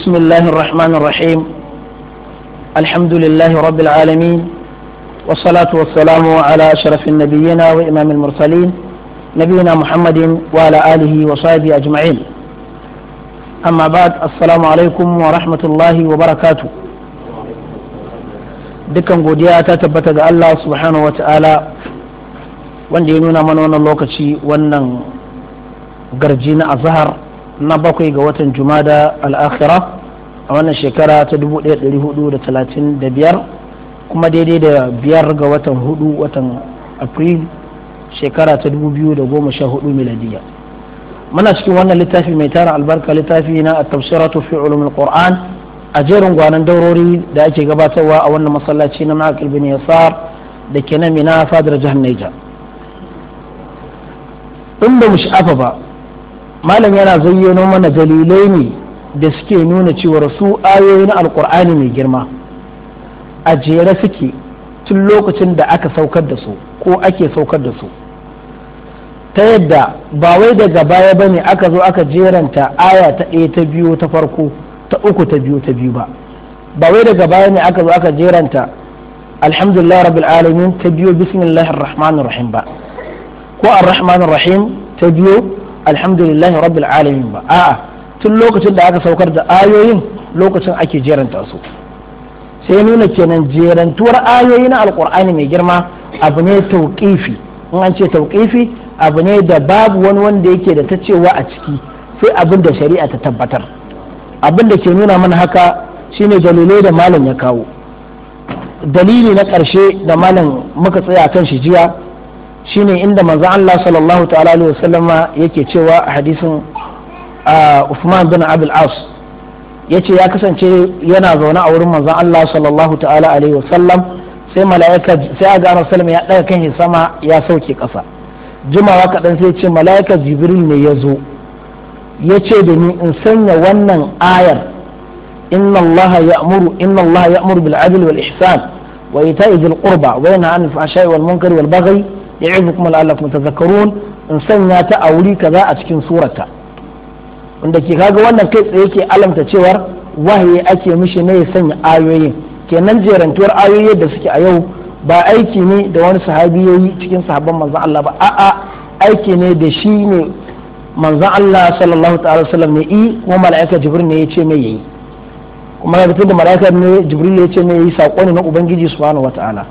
بسم الله الرحمن الرحيم الحمد لله رب العالمين والصلاة والسلام على أشرف النبيين وإمام المرسلين نبينا محمد وعلى آله وصحبه أجمعين أما بعد السلام عليكم ورحمة الله وبركاته dukkan godiya ta tabbata ga Allah subhanahu wa ta'ala wanda ya nuna mana wannan lokaci wannan garji na azhar na bakwai ga watan jumada al'akhira a wannan shekara ta 1435 kuma daidai da biyar ga watan hudu watan april shekara ta 2014 miladiya muna cikin wannan littafi mai tara albarka littafi na a tafsiratu fi ulumin qur'an a jerin gwanan daurori da ake gabatarwa a wannan masallaci na ma'aqil bin yasar da ke na mina fadar jihar Niger in ba mu sha'afa ba malam yana zayyano mana dalilai ne da suke nuna cewar su ayoyi na alkur'ani mai girma a jere suke tun lokacin da aka saukar da su ko ake saukar da su ta yadda ba wai daga baya bane aka zo aka jeranta aya ta ɗaya ta biyu ta farko ta uku ta biyu ta biyu ba ba wai daga baya ne aka zo aka jeranta alhamdulillah rabbil alamin ta biyo bismillahir rahmanir rahim ba ko ar rahmanir rahim ta biyo alhamdulillahi rabbil alamin ba a'a tun lokacin da aka saukar da ayoyin lokacin ake jeranta su sai nuna kenan jerantuwar ayoyi na alkur'ani mai girma abu ne tauqifi in an ce tauƙifi abu ne da babu wani wanda yake da ta cewa a ciki sai abin da shari'a ta tabbatar abin da ke nuna mana haka shine dalilai da malam ya kawo dalili na ƙarshe da malam muka tsaya kan shi jiya shine inda manzo Allah sallallahu ta'ala alaihi wasallama yake cewa a hadisin Uthman bin Abdul As yace ya kasance yana zaune a wurin manzon Allah sallallahu ta'ala alaihi wasallam sai mala'ika sai aga Annabi sallallahu ya daga kan sama ya sauke kasa jimawa kaɗan sai ce mala'ika Jibril ne ya zo ya ce da ni in sanya wannan ayar inna Allah ya'muru inna bil adli wal ihsan wa ita'i dhil qurba wa yanha wal ya'idukum la'allakum tadhakkarun in sanya ta a wuri kaza a cikin surata wanda ke kaga wannan kai tsaye ke alamta cewar wahayi ake mishi ne ya sanya ayoyin kenan jerantuwar ayoyi da suke a yau ba aiki ne da wani sahabi yayi cikin sahabban manzon Allah ba a'a aiki ne da shi ne manzon Allah sallallahu ta'ala wasallam ne i kuma mala'ika jibril ne ya ce mai yayi kuma ga tunda mala'ika ne jibril ya ce mai yayi sako ne na ubangiji subhanahu wata'ala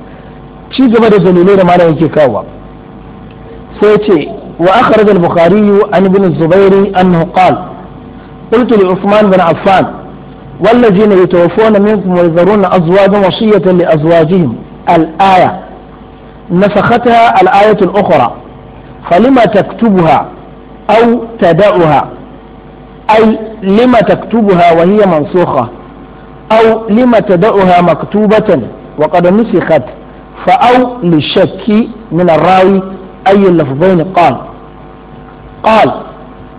ci gaba da dalilai da malam yake kawo سيتي وأخرج البخاري عن ابن الزبير أنه قال قلت لعثمان بن عفان والذين يتوفون منكم ويذرون أزواجا وصية لأزواجهم الآية نسختها الآية الأخرى فلما تكتبها أو تدعها أي لما تكتبها وهي منسوخة أو لما تدعها مكتوبة وقد نسخت فأو للشك من الراوي أي اللفظين قال قال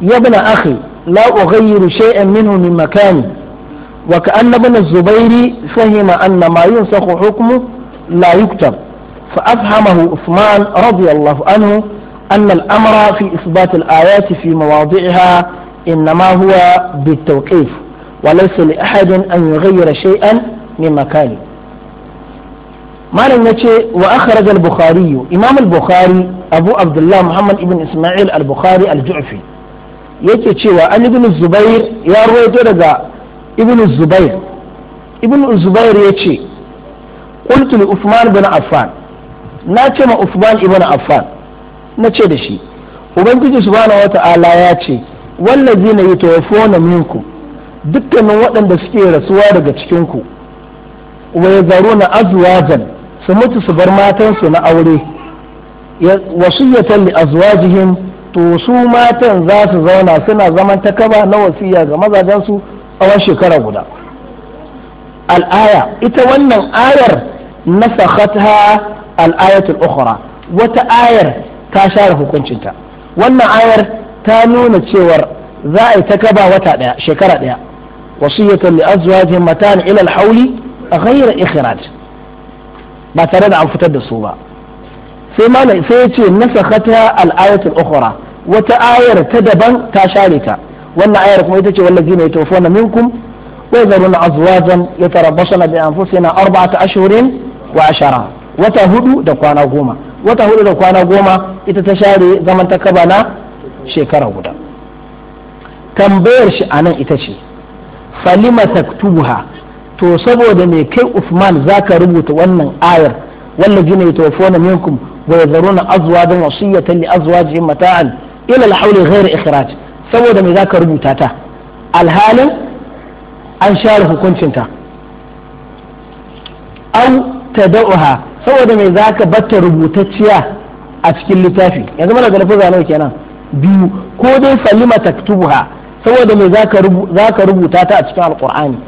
يا ابن أخي لا أغير شيئا منه من مكاني وكأن ابن الزبير فهم أن ما ينسخ حكمه لا يكتب فأفهمه عثمان رضي الله عنه أن الأمر في إثبات الآيات في مواضعها إنما هو بالتوقيف وليس لأحد أن يغير شيئا من مكانه malam ya ce wa akhraj al-bukhari imam al-bukhari abu abdullah muhammad ibn isma'il al-bukhari al-ju'fi yake cewa an ibn zubair ya rawaito daga ibn zubair ibn zubair yace qultu li uthman bin affan na ce ma usman ibn affan na ce da shi ubangiji subhanahu wata'ala ya ce wallazina yatawaffawna minkum dukkanin waɗanda suke rasuwa daga cikin ku wa yazaruna azwajan su mutu su bar matansu na aure wasiyatan li azwajihim to su matan za su zauna suna zaman takaba na wasiya ga mazajensu tsawon shekara guda al'aya ita wannan ayar nasakhatha al'ayatul ukhra wata ayar ta share hukuncinta wannan ayar ta nuna cewar za a yi takaba wata daya shekara daya wasiyatan li azwajihim matan ila al-hawli ghayra ikhraj ba tare da an fitar da su ba sai malam sai ya ce nasakata al-ayatul ukhra wata ayar ta daban ta share ta wannan ayar kuma ita ce wallazina yatawaffawna minkum wa yadharuna azwajan yatarabbasuna bi anfusina arba'ata ashhurin wa ashara wata hudu da kwana goma wata hudu da kwana goma ita ta share zaman ta kaba na shekara guda tambayar shi anan ita ce falima taktubuha to saboda me kai Uthman zaka rubuta wannan ayar wallazina yatawaffawna minkum wa yadharuna azwajan wasiyatan li azwajihim mata'an ila al-hawl ikhraj saboda me zaka rubuta ta alhalin an share hukuncin ta aw tadauha saboda me zaka batta rubutacciya a cikin littafi yanzu mana ga lafaza nawa kenan biyu ko dai falima taktubuha saboda me zaka rubuta ta a cikin alqur'ani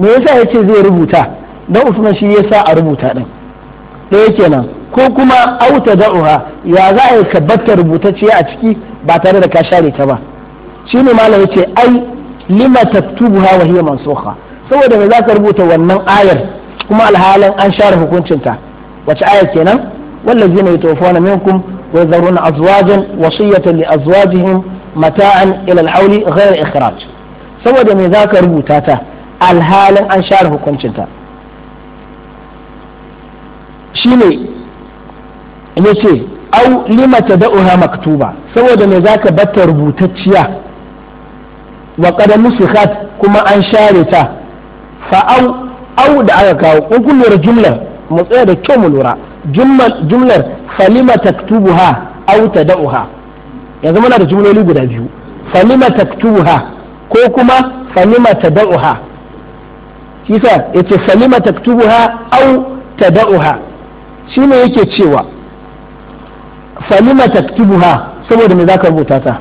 me yasa ya ce zai rubuta don usman shi ya sa a rubuta ɗin ɗaya kenan ko kuma auta da Uha ya za a yi kabbata rubutacciya a ciki ba tare da ka share ta ba shi ne malam ya ce ai lima taktubuha wa hiya mansukha saboda me za ka rubuta wannan ayar kuma alhalin an share hukuncinta wace ayar kenan والذين يتوفون منكم ويذرون أزواجا وصية لأزواجهم متاعا إلى الحول Saboda me za ka rubuta ta? alhalin an share hukuncinta ne ya ce au lima uha maktuba saboda za zaka batta rubutacciya wa qad nusikhat kuma an share ta fa au da aka kawo in kun jumlar mu tsaya da kyau mu lura jumlar falima ha, au ta tada'uha yanzu muna da jumloli guda biyu falima ha, ko kuma falima uha shi sa yace falima taktubuha aw tada'uha shine yake cewa falima taktubuha saboda me zaka rubuta ta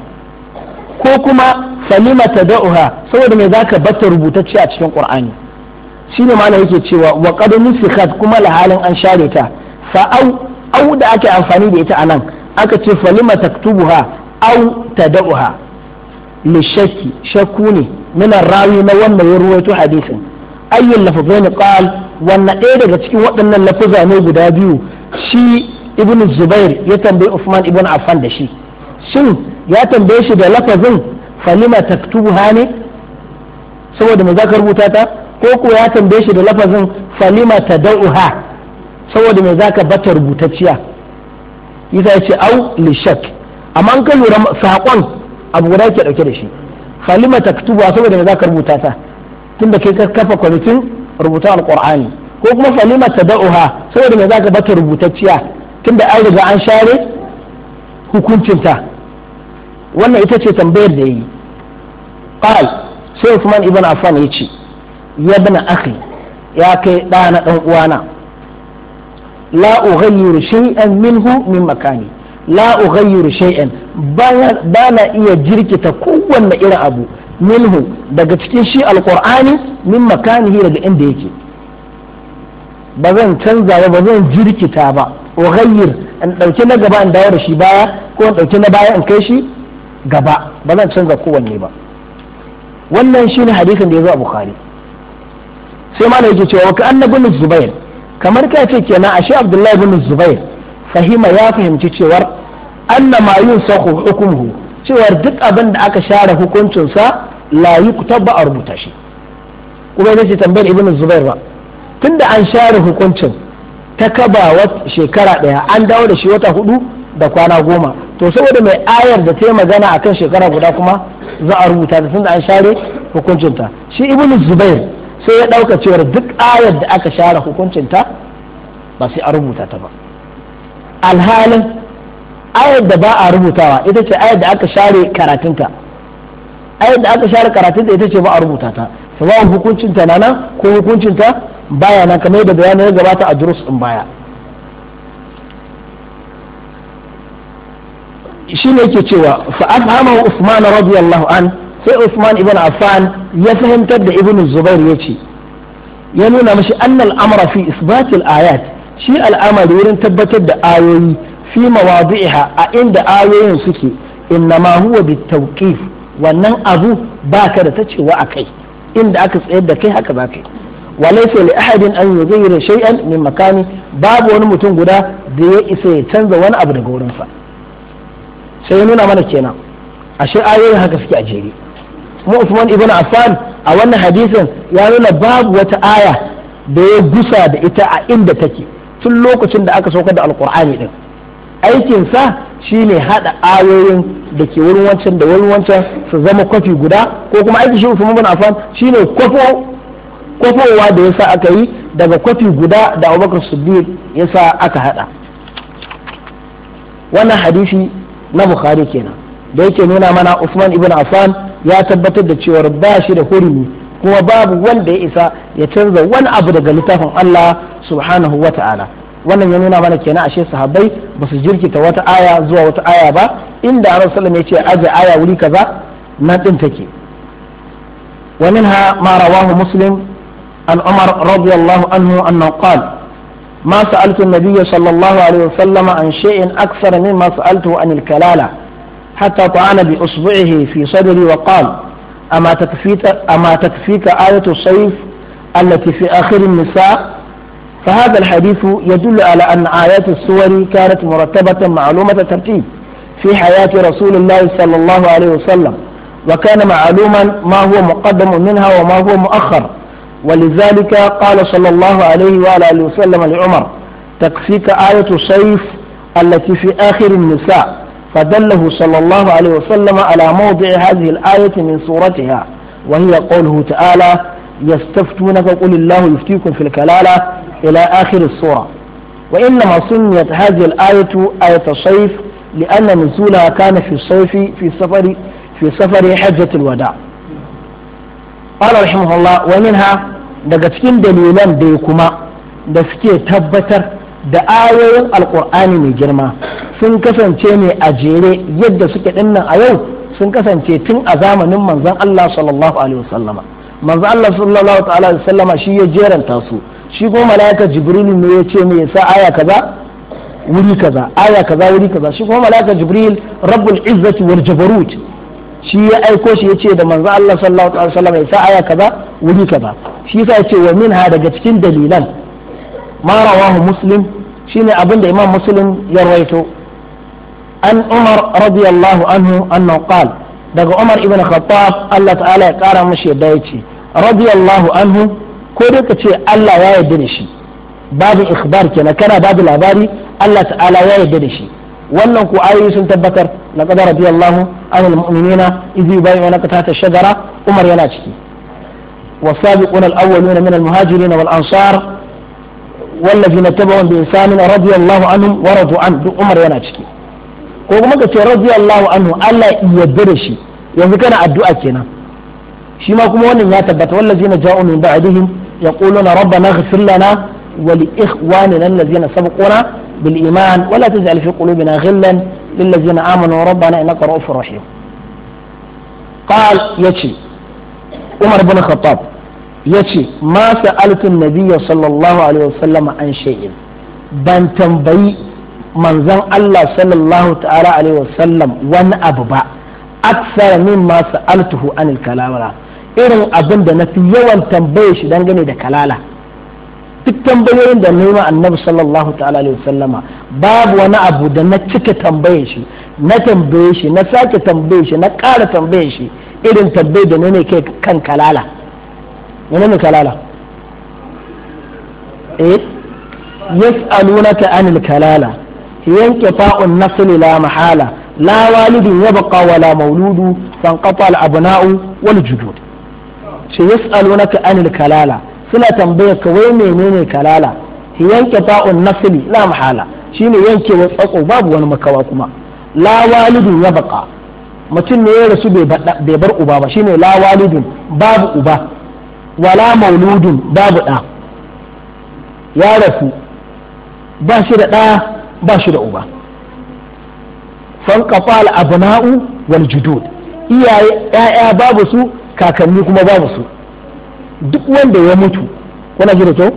ko kuma falima tada'uha saboda me zaka batta rubutacce a cikin qur'ani shine malam yake cewa wa qad nusikhat kuma lahalin an share ta fa au au da ake amfani da ita anan aka ce falima taktubuha au tada'uha lishakki shakku ne min rawi na wannan ya ruwaito hadisin ayyul lafazaini qal wannan ɗaya daga cikin waɗannan lafuza ne guda biyu shi ibn zubair ya tambayi usman ibn affan da shi shin ya tambaye shi da lafazin falima ha ne saboda mu zaka rubuta ta ko ko ya tambaye shi da lafazin falima ha saboda me zaka bata rubutacciya yasa ya ce au li shak amma an ka lura saƙon abu guda ke ɗauke da shi falima taktubuha saboda me zaka rubuta ta tunda kai kafa kwamitin rubuta alkur'ani ko kuma falima tada'uha saboda me zaka bata rubutacciya tunda an riga an share hukuncinta wannan ita ce tambayar da yi qal sai Uthman ibn Affan yace ya ibn akhi ya kai na ɗan uwana la ughayyiru shay'an minhu min makani la ughayyiru shay'an ba na iya jirkita kowanne irin abu minhu daga cikin shi alqur'ani min makanihi daga inda yake ba zan canza ba ba zan jirkita ba ughayyir in dauke na gaba in dawo da shi baya ko in dauke na baya in kai shi gaba ba zan canza kowanne ba wannan shine hadisin da ya zo a bukhari sai ma yake cewa ka annabi zubair kamar ka ce kenan ashe abdullahi bin zubair fahima ya fahimci cewar annama ma hukmuhu cewar duk abin da aka share hukuncinsa la ku ba a rubuta shi kuma ita ce tambayar ibn zubair ba tunda an share hukuncin ta kaba shekara daya an dawo da shi wata hudu da kwana goma to saboda mai ayar da ta yi magana akan shekara guda kuma za a rubuta ta tunda an share hukuncinta shi ibn zubair sai ya ɗauka cewar duk ayar da aka share hukuncinta ba sai a rubuta ta ba alhalin ayar da ba a rubutawa ita ce ayar da aka share karatunta ayar da aka share karatunta ita ce ba a rubuta ta sabon hukuncin ta nana ko hukuncin ta baya na kamar da bayanin ya gabata a durus din baya shi ne ke cewa fa afhama Usman radiyallahu an sai Usman ibn Affan ya fahimtar da Ibn Zubair ce ya nuna mashi annal amara fi isbatil ayat shi al'amari wurin tabbatar da ayoyi fi mawadi'iha a inda ayoyin suke inna ma huwa bitawqif wannan abu baka da tacewa cewa akai inda aka tsayar da kai haka zaka yi walaysa li ahadin an yughayyira shay'an min makani babu wani mutum guda da ya isa ya canza wani abu daga wurin sa sai nuna mana kenan ashe ayoyin haka suke a jere mu Usman ibn Affan a wannan hadisin ya nuna babu wata aya da ya gusa da ita a inda take tun lokacin da aka saukar da alkur'ani din aikinsa shine hada ayoyin da ke wurin wancan da wurin wancan su zama kwafi guda ko kuma aikin shi Usman bin Affan shine kwafo kwafowa da yasa aka yi daga kwafi guda da Abubakar Siddiq yasa aka hada wannan hadisi na Bukhari kenan da yake nuna mana Usman ibn Affan ya tabbatar da cewa ba shi da hurumi kuma babu wanda ya isa ya canza wani abu daga littafin Allah subhanahu wa ta'ala wannan ya nuna mana kenan ashe sahabbai ba su jirkita wata aya zuwa wata aya ba inda annabi sallallahu alaihi wasallam ya ce aje aya wuri kaza nan din take wa minha ma rawahu muslim an umar radiyallahu anhu annahu qala ما سألت النبي صلى الله عليه وسلم عن شيء أكثر مما سألته عن الكلالة حتى طعن بإصبعه في صدري وقال أما تكفيك, أما تكفيك آية الصيف التي في آخر النساء فهذا الحديث يدل على أن آيات السور كانت مرتبة معلومة ترتيب في حياة رسول الله صلى الله عليه وسلم وكان معلوما ما هو مقدم منها وما هو مؤخر ولذلك قال صلى الله عليه وآله وسلم لعمر تكفيك آية الصيف التي في آخر النساء فدله صلى الله عليه وسلم على موضع هذه الآية من سورتها وهي قوله تعالى يستفتونك قل الله يفتيكم في الكلالة إلى آخر السورة وإنما سميت هذه الآية آية الصيف لأن نزولها كان في الصيف في سفر في سفر حجة الوداع قال رحمه الله ومنها daga cikin dalilan da ya kuma da suke tabbatar da ayoyin alkur'ani mai girma sun kasance ne a jere yadda suke dinnan a yau sun kasance tun a zamanin manzon Allah sallallahu alaihi wasallama manzon Allah sallallahu alaihi wasallama shi ya jeranta su shi ko malaka jibril ne ya ce mai sa aya kaza wuri kaza aya kaza wuri kaza shi ko malaka jibril rabbul izzati wal jabarut shi ya aiko shi ya ce da manzo Allah sallallahu alaihi wasallam ya sa aya kaza wuri kaza shi yasa ya ce wa minha daga cikin dalilan ma rawahu muslim shine abin da imam muslim ya rawaito an umar radiyallahu anhu annahu qala daga umar ibn khattab Allah ta'ala ya kara mashi yadda yace radiyallahu anhu ko dai ka ce Allah ya yarda da shi babu ikhbar kenan kana babu labari Allah ta'ala ya yarda da shi wannan ko ayoyi sun tabbatar na qadara radiyallahu anil mu'minina idh ka tahta shajara Umar yana ciki والسابقون الأولون من المهاجرين والأنصار والذين اتبعهم بإنسان رضي الله عنهم ورضوا عنه duk Umar yana ciki ko kuma ka ce radiyallahu anhu Allah ya yarda da shi yanzu kana addu'a kenan shi ma kuma wannan ya tabbata wallazina ja'u min ba'dihim يقولون ربنا اغفر لنا ولإخواننا الذين سبقونا بالإيمان ولا تجعل في قلوبنا غلا للذين آمنوا ربنا إنك رؤوف رحيم قال يتي عمر بن الخطاب يتي ما سألت النبي صلى الله عليه وسلم عن شيء بان تنبي من زن الله صلى الله تعالى عليه وسلم وان أببا أكثر مما سألته عن الكلام irin abin da na fi yawan tambaye shi dangane da kalala duk tambayoyin da nema annabi sallallahu ta'ala alaihi sallama babu wani abu da na cika tambaye shi na tambaye shi na sake tambaye shi na ƙara tambaye shi irin tambaye da ne kai kan kalala wani ne kalala eh yas'alunaka anil kalala yanqita'un nasl la mahala la walidin yabqa wala mauludu fanqata al abna'u wal judud ce ka anil kalala suna tambayar ka wai menene kalala yanke ta'un nasli la mahala shine wa tsako babu wani makawa kuma la walidun ya baka mutum ne ya rasu bai bar uba ba shine la walidun babu uba wala mauludun babu ɗa ya rasu ba shi da ɗa ba shi da uba Sankafa kafa al abna'u wal judud iyaye ya'ya babu su kakanni kuma babu su duk wanda ya mutu kuna ji da kyau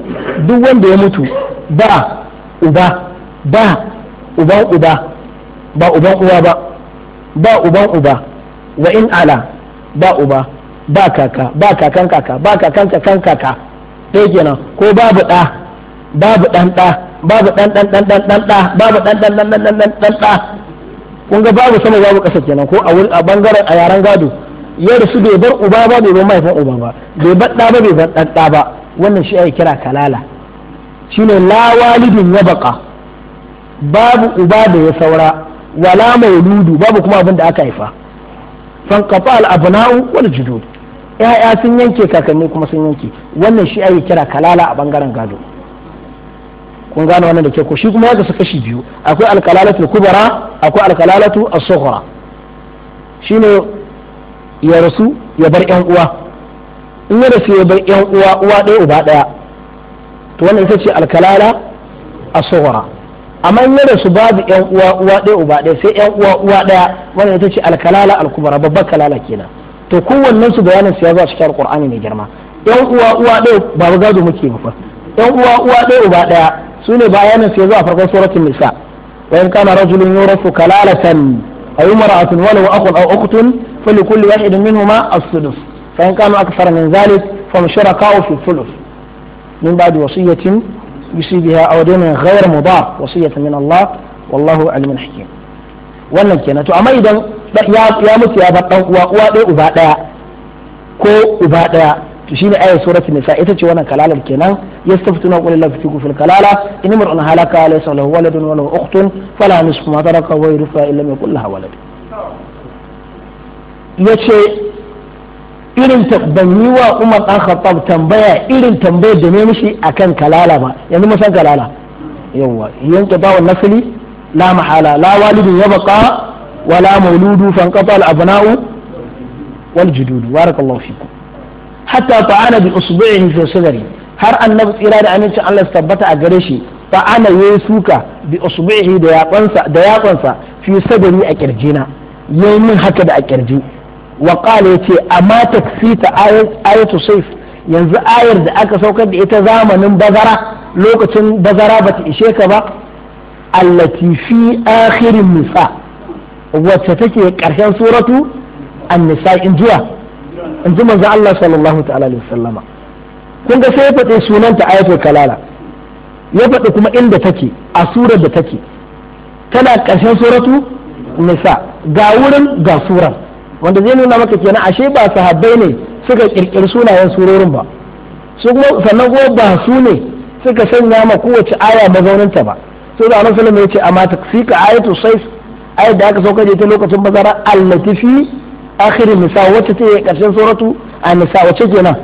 duk wanda ya mutu ba uba ba uban uba ba uban uwa ba ba uban uba wa in ala ba uba ba kaka ba kakan kaka ba kakan kakan kaka dai kenan ko babu ɗa babu ɗan ɗa babu ɗan ɗan ɗan ɗan ɗan da babu ɗan ɗan ɗan ɗan ɗan ɗan da kun ga babu sama babu ƙasa kenan ko a bangaren a yaren gado ya su bai bar uba ba bai bar mahaifin uba ba bai bar ɗa ba bai bar ɗan ba wannan shi ake kira kalala shine la walidin ya baka babu uba da ya saura wala mauludu babu kuma abin da aka haifa fan qafa abna'u wal judud ya'ya sun yanke kakanni kuma sun yanke wannan shi ake kira kalala a bangaren gado kun gane wannan da ke ko shi kuma ya su kashi biyu akwai alkalalatu kubara akwai alkalalatu as-sughra shine ya rasu ya bar yan uwa in ya rasu ya bar yan uwa uwa ɗaya uba ɗaya to wannan ita ce alkalala a tsohora amma in ya rasu babu yan uwa uwa ɗaya uba ɗaya sai yan uwa uwa ɗaya wannan ita ce alkalala alkubara babbar kalala kenan to kowannen su bayanin su ya zo a cikin alkur'ani mai girma yan uwa uwa ɗaya babu gado muke ba yan uwa uwa ɗaya uba ɗaya su ne bayanin su ya zo a farkon suratul nisa wa in kana rajulun yurafu kalalatan ayu mara'atun wa akhun aw ukhtun فلكل واحد منهما السدس فإن كانوا أكثر من ذلك فهم شركاء في الثلث من بعد وصية يسي بها أو دين غير مضار وصية من الله والله عليم حكيم wannan kenan to amma idan ya mutu ya bar dan uwa uwa ɗaya uba ɗaya ko uba ɗaya to shine ayat suratul nisa ita ce wannan kalalar kenan yastaftuna qul la tuftiku fil kalala in mar'un halaka laysa lahu waladun wa lahu ukhtun fala nisfu ma taraka wa rufa illa ma yakul ya ce irin ban yi wa umar ɗan khattab tambaya irin tambayar da ne mishi akan kalala ba yanzu mun san kalala yawa yanke bawon nasili la mahala la walidin ya baka wala mauludu fanqata al abna'u wal judud barakallahu fikum hatta ta'ana bi usbu'ihi fi sadri har annabi tsira da amincin Allah su tabbata a gare shi fa ana yayi suka bi usbu'ihi da yakonsa da yakonsa fi sadri a kirjina yayi min haka da a kirji wa ce yace amma takfita ayatu sayf yanzu ayar da aka saukar da ita zamanin bazara lokacin bazara bata ishe ka ba allati fi akhirin nisa wacce take karshen suratu an-nisa in jiya in ji manzo Allah sallallahu ta'ala alaihi wasallama kun ga sai ya faɗi sunanta ayatul kalala ya faɗi kuma inda take a surar da take tana karshen suratu nisa ga wurin ga surar wanda zai nuna maka kenan ashe ba sahabbai ne suka kirkiri sunayen surorin ba su kuma sannan kuma ba su ne suka sanya ma kowace aya mazaunanta ba sai da annabi sallallahu ce amma taksika ayatu sayf ayat da aka sauka ta lokacin bazara fi akhir nisa wacce ta karshen suratu a nisa wacce kenan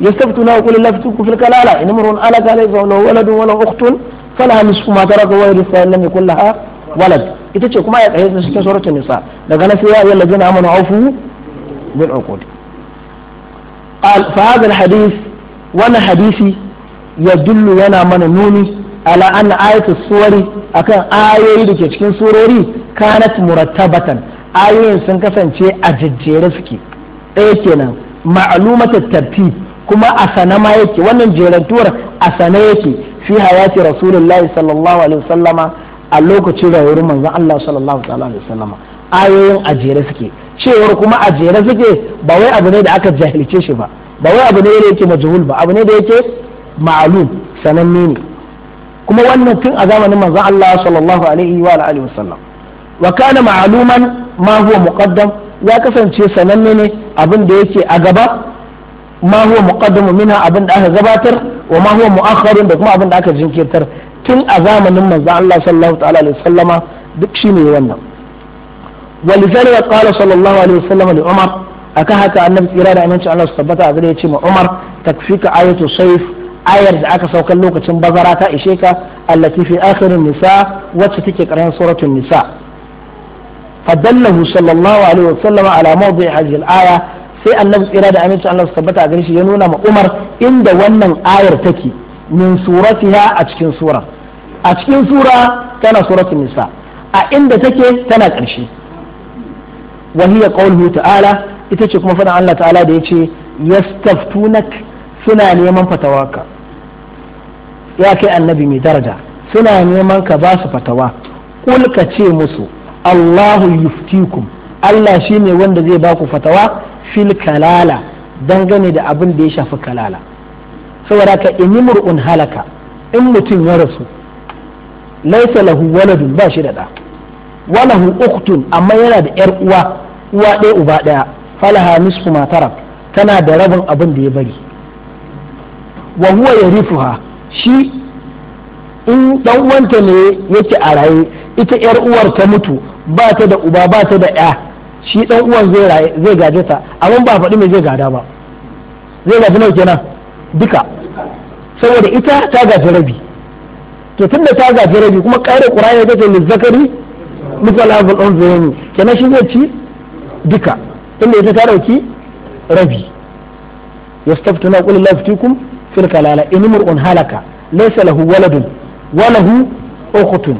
yastaftuna qul la tuftu fil kalala in imrun alaka laysa lahu waladun wa lahu ukhtun falaha nisfu ma taraka wa yarithu lam laha walad ita ce kuma ya tsaye ta cikin suratul nisa daga nan sai ya ayyuhal ladina amanu awfu bil uqud fa hadha al hadith wannan hadisi yadullu yana mana nuni ala anna ayatu suwari akan ayoyi da ke cikin surori kanat murattabatan ayoyin sun kasance a jejjere suke ɗaya kenan ma'lumatat tartib kuma a sana ma yake wannan jerantuwar a sana yake fi hayati rasulullahi sallallahu alaihi wasallama a lokacin rayuwar manzon Allah sallallahu ta'ala alaihi wasallama ayoyin ajere suke cewar kuma a ajere suke ba wai abu ne da aka jahilce shi ba ba wai abu ne da yake majhul ba abu ne da yake ma'lum sananne ne kuma wannan tun a zamanin manzon Allah sallallahu alaihi wa alihi wasallam wa kana ma'luman ma huwa muqaddam ya kasance sananne ne abin da yake a gaba ma huwa muqaddamu minha abin da aka gabatar wa ma huwa mu'akhkharun da kuma abin da aka jinkirtar tun a zamanin manzo Allah sallallahu ta'ala alaihi wasallama duk shine wannan ولذلك قال صلى الله عليه وسلم لعمر akan haka annabi tsira da aminci Allah su tabbata a gare ya ce ma Umar takfika ayatu sayf ayar da aka saukar lokacin bazara ta ishe ka allati fi akhirin nisa wacce take karan suratul nisa fadallahu sallallahu alaihi wasallam ala mawdi' hadhihi al-aya sai annabi tsira da aminci Allah su tabbata a gare shi ya nuna ma Umar inda wannan ayar take min suratiha a cikin surar a cikin sura tana suratul nisa a inda take tana ƙarshe wa hiya qawluhu ta'ala ita ce kuma faɗin Allah ta'ala da ya yace yastaftunak suna neman ka. ya kai annabi mai daraja suna neman ka ba su fatawa kul ka ce musu Allahu yuftikum Allah shine wanda zai ba ku fatawa fil kalala dangane da abin da ya shafi kalala saboda ka inimrun halaka in mutum ya rasu laisa lahu waladun ba shi da da walahu uktun amma yana da yar uwa uwa ɗaya uba ɗaya falaha nisfu ma tara tana da rabin abin da ya bari wa huwa yarifuha shi in dan uwanta ne yake a raye ita yar uwar ta mutu ba ta da uba ba ta da ya shi dan uwan zai zai gaje ta amma ba faɗi me zai gada ba zai gaje nawa kenan duka saboda ita ta gaje rabi to tunda ta gaji rabi kuma ƙarin ƙur'ani ya ce lizzakari misal abul unzayni kenan shi zai ci duka inda ita ta dauki rabi yastaftuna qul la yuftikum fil kalala in mur'un halaka laysa lahu waladun wa lahu ukhtun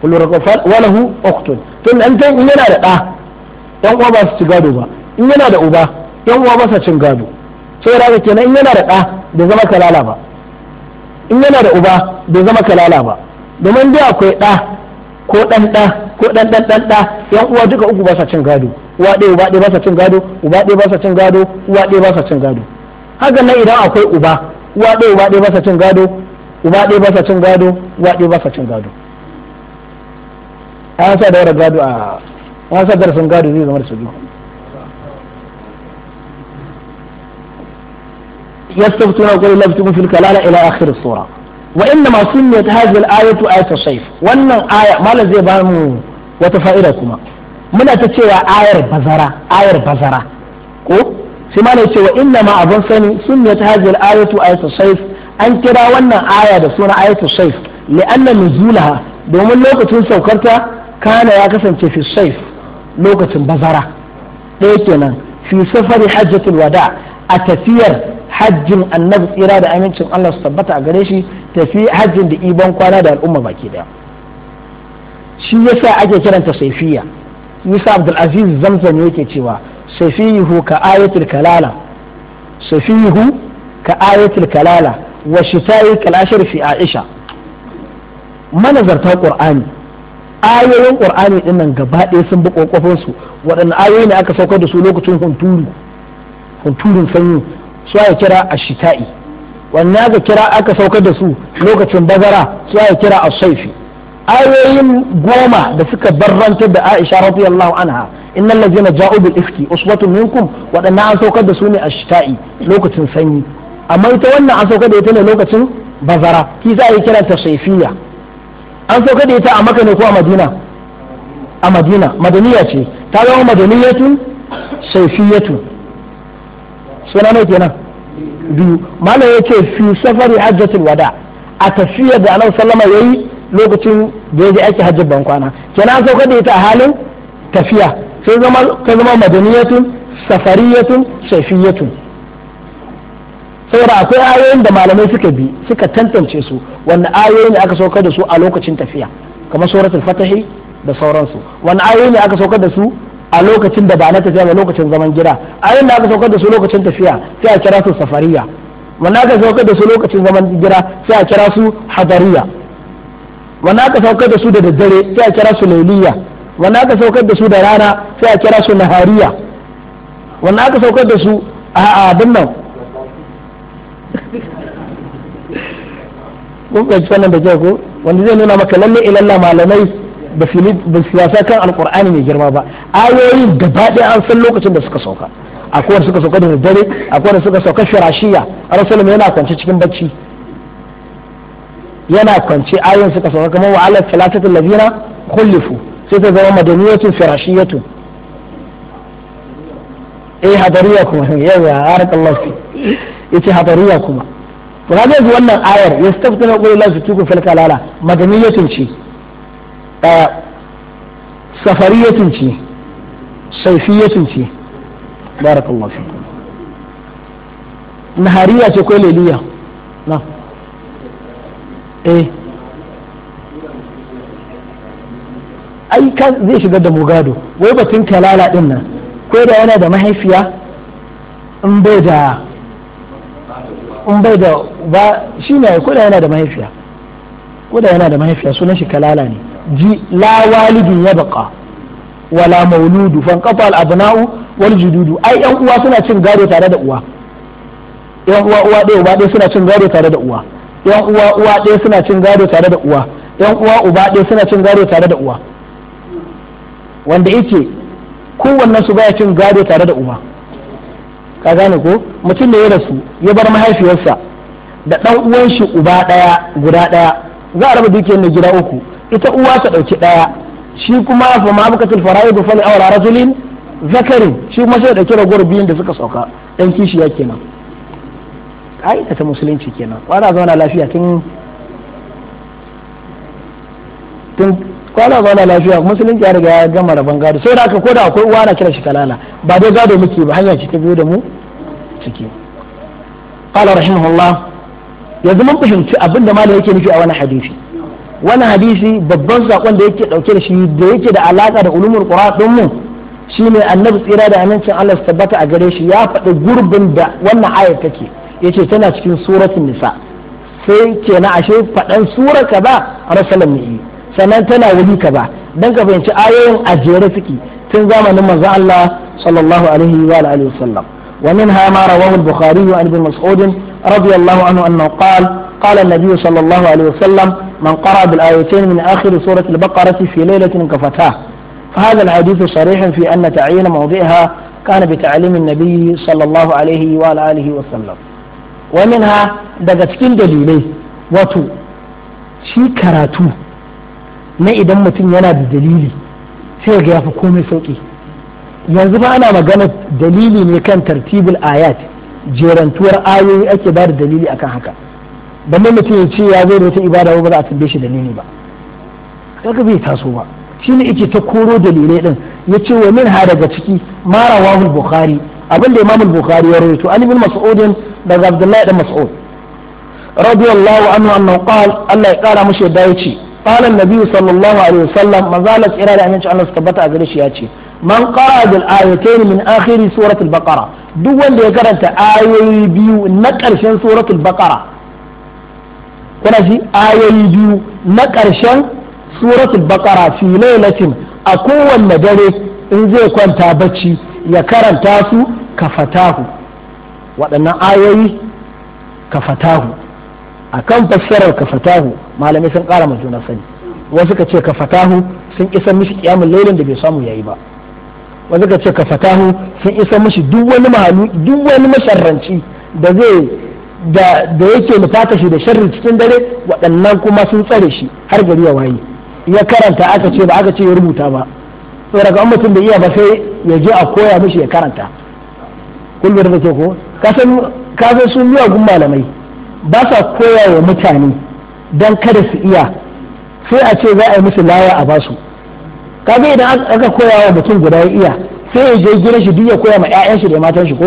kullu raqafal wa lahu ukhtun tun an tan in yana da da dan uwa ba su ci gado ba in yana da uba dan uwa ba sa cin gado sai raga kenan in yana da da zama kalala ba in yana da uba bai zama kalala ba domin dai akwai ɗa ko ɗan ɗa ko ɗan ɗan ɗan ɗa yan uwa duka uku ba sa cin gado uwa ɗaya uba ɗaya ba sa cin gado uba ɗaya ba sa cin gado uwa ɗaya ba sa cin gado haka nan idan akwai uba uwa ɗaya uba ɗaya ba sa cin gado uba ɗaya ba sa cin gado uwa ɗaya ba sa cin gado an sa wara gado a an sa darasin gado zai zama da su يستفتون قل لا يفتكم في الكلالة إلى آخر الصورة وإنما سميت هذه الآية آية الصيف وأن آية ما لزي بانو وتفائدكما من تتشوى آية بزرة آية بزرة ko sai ma ne cewa inna ma abin sani sunnat hazil ayatu ayatu sayf an kira wannan aya da suna ayatu sayf li'anna domin lokacin saukarta kana ya kasance fi sayf lokacin bazara ɗaya kenan fi safari hajjatul wada a tafiyar hajjin annabi tsira da amincin Allah su tabbata a gare shi tafi hajjin da iban kwana da al'umma baki daya shi yasa ake kiranta saifiya nisa abdulaziz zamzam yake cewa saifiyuhu ka ayatul kalala saifiyuhu ka ayatul kalala wa shitayi kalashir fi aisha Manazartar qur'ani ayoyin qur'ani dinnan gaba ɗaya sun bi kokofin su waɗanne ayoyi ne aka saukar da su lokacin hunturu hunturun sanyi su aka kira ashita'i wanne aka kira aka saukar da su lokacin bazara su aka kira saifi ayoyin goma da suka barrantar da Aisha radiyallahu anha innal ladzina ja'u bil ifki uswatun minkum wadanna an saukar da su ne shita'i lokacin sanyi amma ita wannan an saukar da ita ne lokacin bazara ki za a yi kiran ta saifiya an saukar da ita a maka ne ko a madina a madina madaniya ce ta zama madaniyatun saifiyatun suna ne kenan biyu malam ya ce fi safari hajjatul wada a tafiyar da annabi sallama yayi lokacin da ya je aiki hajjar ban kwana kenan sauka da ita a halin tafiya sai zama ta zama madaniyatun safariyatun shaifiyatun saboda akwai ayoyin da malamai suka bi suka tantance su wanda ayoyin ne aka saukar da su a lokacin tafiya kamar suratul fatahi da sauransu wani ayoyi ne aka saukar da su a lokacin da ba na tafiya ba lokacin zaman gida a yin da aka saukar da su lokacin tafiya sai a kira su safariya wanda aka saukar da su lokacin zaman gida sai a kira su hadariya wanda aka saukar da su da daddare sai a kira su lailiya wanda aka saukar da su da rana sai a kira su nahariya wanda aka saukar da su a abin nan kun fahimci wannan da ko wanda zai nuna maka lalle ilalla malamai ba su wasa kan alkur'ani mai girma ba ayoyin gaba ɗaya an san lokacin da suka sauka akwai wanda suka sauka da dare akwai wanda suka sauka firashiya rasulun yana kwance cikin bacci yana kwance ayoyin suka sauka kamar wa alal talatatul ladina khulifu sai ta zama madaniyatun firashiyatun eh hadariya kuma yawa harakallahu yace hadariya kuma to ga yanzu wannan ayar yastaftina qul la tusiku fil kalala madaniyatun ce ɗaya safariyatun ce saifiyatun ce barakallahu fi nahariya ce ko leliya na eh ai kan zai shigar da mugado wai batun kalala din nan ko da yana da mahaifiya in bai da in bai da ba shine ko da yana da mahaifiya ko da yana da mahaifiya sunan shi kalala ne ji la walidin ya baka wala mauludu fan kafa al'abna'u wal jududu ai yan uwa suna cin gado tare da uwa yan uwa uwa ɗaya uba ɗaya suna cin gado tare da uwa yan uwa uwa ɗaya suna cin gado tare da uwa yan uwa uba ɗaya suna cin gado tare da uwa wanda yake kowanne su baya cin gado tare da uba ka gane ko mutum ne ya rasu ya bar mahaifiyarsa da ɗan uwan shi uba ɗaya guda ɗaya za a raba dukiyar ne gida uku ita uwa ta ɗauki ɗaya shi kuma fa ma bukatul faraidu fa li awra rajulin zakarin shi kuma sai ɗauki ragowar biyun da suka sauka dan kishiya kenan ai ta musulunci kenan kwana zauna lafiya tun tun kwana zauna lafiya musulunci ya riga ya gama rabon gado sai da aka koda akwai uwa na kira shi kalala ba dai gado muke ba hanya ce ta biyo da mu ciki qala rahimahullah yanzu mun fahimci abinda da malai yake nufi a wani hadisi wani hadisi babban sakon da yake dauke da shi da yake da alaka da ulumul qur'an din mu shine annabi tsira da amincin Allah su tabbata a gare shi ya faɗi gurbin da wannan ayar take yace tana cikin suratul nisa sai kenan ashe faɗan sura kaza rasulun ne sannan tana wuli kaza dan ka fahimci ayoyin a jere suke tun zamanin manzo Allah sallallahu alaihi wa alihi wasallam ومنها ما رواه البخاري عن ابن مسعود رضي الله عنه أنه قال قال النبي صلى الله عليه وسلم من قرأ بالآيتين من آخر سورة البقرة في ليلة كفتها فهذا الحديث صريح في أن تعيين موضعها كان بتعليم النبي صلى الله عليه وآله وسلم ومنها كل دليلي وتو شي كراتو na idan mutum yana da في sai كومي ya fi komai sauki yanzu ba ana magana dalili ne kan tartibul ayat jerantuwar ayoyi ake ba da dalili akan haka balle mutum ya ce ya zo da wata ibada ba za a tambaye shi dalili ba kaga bai taso ba ne ike ta koro dalilai din yace wa min ha daga ciki Mara rawahu bukhari abinda imam bukhari ya rawaito an ibn Mas'udin daga abdullahi dan mas'ud radiyallahu anhu annahu qala Allah ya kara mushi da yace qala annabi sallallahu alaihi wasallam mazala tsira da aminci Allah tabbata a gare shi yace man qara bil ayatayn min akhir suratul baqara duk wanda ya karanta ayoyi biyu na karshen suratul baqara kuna shi ayoyi biyu na ƙarshen suratul baqara fi lailatin a kowanne dare in zai kwanta bacci ya karanta su ka fatahu waɗannan ayoyi ka fatahu a kan fassarar ka fatahu malamai sun ƙara ma juna sani wasu ka ce ka fatahu sun isa mishi kiyamun lailin da bai samu ya yi ba wasu ka ce ka fatahu sun isa mishi duk wani mahalu duk wani masharranci da zai da da yake nufata shi da sharri cikin dare waɗannan kuma sun tsare shi har gari ya waye ya karanta aka ce ba aka ce ya rubuta ba daga an mutum da iya ba sai ya je a koya mishi ya karanta kun da ke ko ka san sun yi gun malamai ba sa koya wa mutane don kada su iya sai a ce za a yi musu laya a basu Ka ga idan aka koya wa mutum guda ya iya sai ya je gidan shi duk ya koya ma 'ya'yan shi da matan shi ko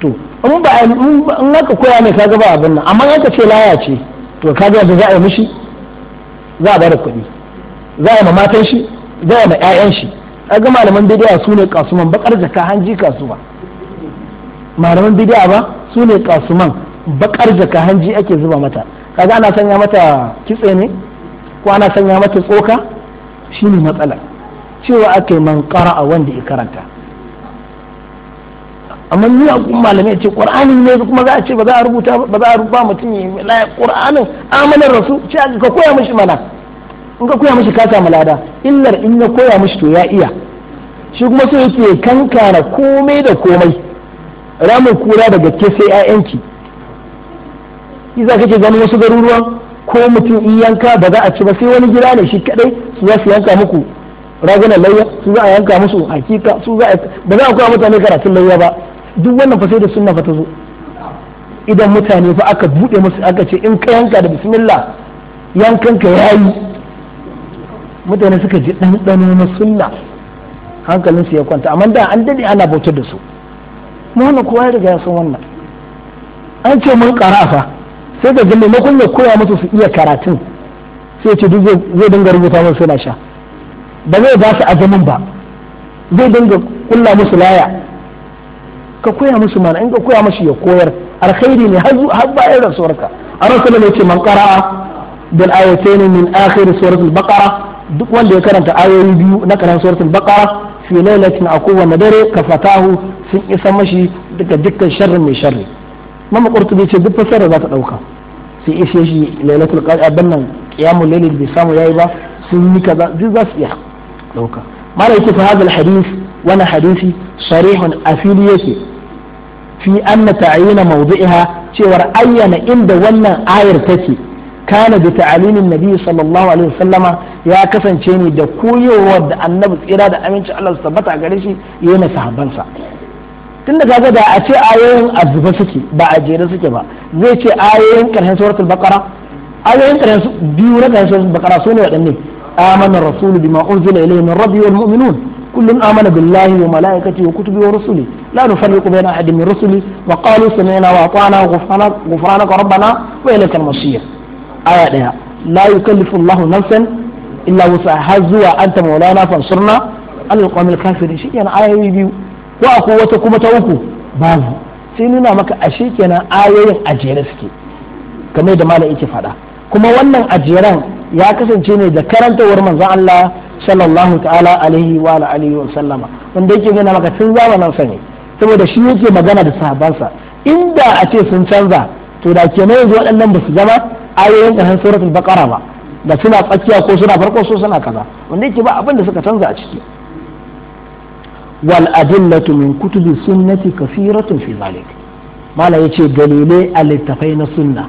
to in ba in aka koya ne kaga ba abin nan amma aka ce laya ce to kaga yanzu za a yi mishi za a bada kuɗi za a yi ma matan shi za a yi ma 'ya'yan shi kaga malaman bidiya su ne kasuman bakar jaka hanji kasuwa malaman bidiya ba su ne kasuman bakar jaka hanji ake zuba mata kaga ana sanya mata kitse ne ko ana sanya mata tsoka shine matsala cewa ake man qara'a wanda ya karanta amma ni a kun malamai ce qur'ani ne kuma za a ce ba za a rubuta ba za a rubuta mutum ya la qur'anin amanar rasu ce ka koya mishi mana in ka koya mishi kasa malada lada illar in ya koya mishi to ya iya shi kuma sai yake kankara komai da komai ramin kura da gaske sai 'ya'yanki shi za kake ganin wasu garuruwan ko mutum in yanka ba za a ci ba sai wani gida ne shi kadai su za su yanka muku ragunan lauya su za a yanka musu hakika su za a ba za a koya mutane karatun lauya ba duk wannan fa sai da sunna fa ta zo idan mutane fa aka bude musu aka ce in ka yanka da bismillah yankan ka yayi mutane suka ji ɗanɗano na sunna hankalin su ya kwanta amma da an dade ana bautar da su mu wannan kowa ya riga ya san wannan an ce mun karafa sai da ga makon ya koya musu su iya karatun sai ce duk zai dinga rubuta musu suna sha ba zai ba su azumin ba zai dinga kulla musu laya ka koya musu mana in ka koya musu ya koyar alkhairi ne har bayan rasuwarka an rasu ne ce man qara'a bil ayatayn min akhir suratul baqara duk wanda ya karanta ayoyi biyu na karan suratul baqara fi lailatin a kowane dare ka fatahu sun isa mashi daga dukkan sharrin mai sharri mama qurtubi ce duk fasara za ta dauka sai ishe shi lailatul qadr abin nan qiyamul layl bai samu yayi ba sun yi kaza duk za su iya dauka malai fa hadal hadith wani hadisi sarihun a fili yake fi anna ta'yina mawdu'iha cewar ayyana inda wannan ayar take kana da ta'alimin nabi sallallahu alaihi wasallama ya kasance ne da koyarwar da annabi tsira da amincin Allah su tabbata gare shi yayi na sahabbansa tunda kaga da a ce ayoyin azuba suke ba a jere suke ba zai ce ayoyin karshen suratul baqara ayoyin karshen biyu na karshen suratul baqara sune wadanne amana rasulu bima unzila ilayhi min rabbi wal mu'minun kullun amana billahi wa malaikatihi wa kutubihi wa rusuli la nufarriqu baina ahadin min rusuli wa qalu sami'na wa ata'na ghufranaka rabbana wa ilaykal masir aya daya la yukallifu Allahu nafsan illa wusaha zuwa anta maulana fansurna alal qawmil kafirin shi kenan ayoyi biyu ko akwai wata kuma ta uku babu sai nuna maka ashe kenan ayoyin ajere suke kamar da malam yake faɗa kuma wannan ajeren ya kasance ne da karantawar manzon Allah sallallahu ta'ala alaihi wa alihi wa sallama wanda yake gina maka tun zamanin sa ne saboda shi yake magana da sahabansa inda a ce sun canza to da kenan yanzu waɗannan ba su zama ayoyin ƙarshen suratul baqara ba da suna tsakiya ko suna farko so suna kaza wanda yake ba abin da suka canza a ciki wal adillatu min kutubi sunnati kathiratun fi zalik mala yace dalilai a littafai na sunna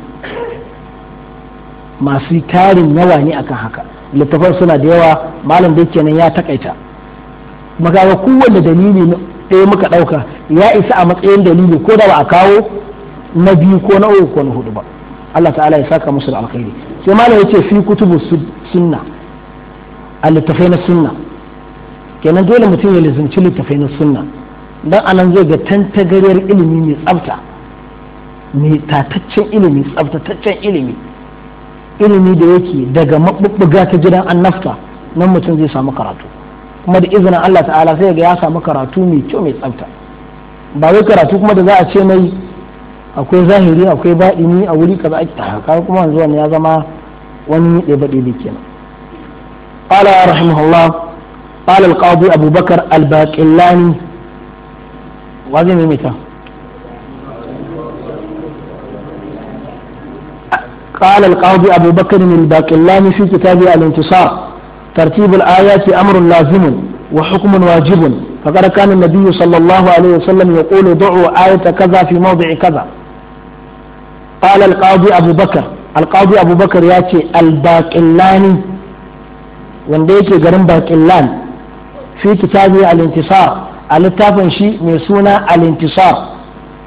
masu tarin yawa ne akan haka littafan suna da yawa malam da kenan ya takaita magaga kowanne dalili ɗaya muka ɗauka ya isa a matsayin dalili ko da ba a kawo na biyu ko na uku ko na hudu ba Allah ta'ala ya saka musu da alkhairi sai malam ya ce fi kutubu sunna a littafai na sunna kenan dole mutum ya lizinci littafai na sunna dan anan zai ga tantagariyar ilimi mai tsafta mai tataccen ilimi tsaftataccen ilimi ilimi da yake daga mabubbuga ta gidan annafta nan mutum zai samu karatu kuma da izinin Allah ta'ala sai ga ya samu karatu mai kyau mai tsafta ba wai karatu kuma da za a ce mai akwai zahiri akwai baɗini a wuri kaza ake haka kuma yanzu wani ya zama wani ɗaya ɗebe kenan qala رحمه الله abubakar القاضي أبو قال القاضي أبو بكر من باقلاني في كتابه الانتصار ترتيب الآيات أمر لازم وحكم واجب فقد كان النبي صلى الله عليه وسلم يقول ضعوا آية كذا في موضع كذا قال القاضي أبو بكر القاضي أبو بكر ياتي الباقلاني وانديك قرن باقلان في كتابه الانتصار على التافن شيء ميسونا الانتصار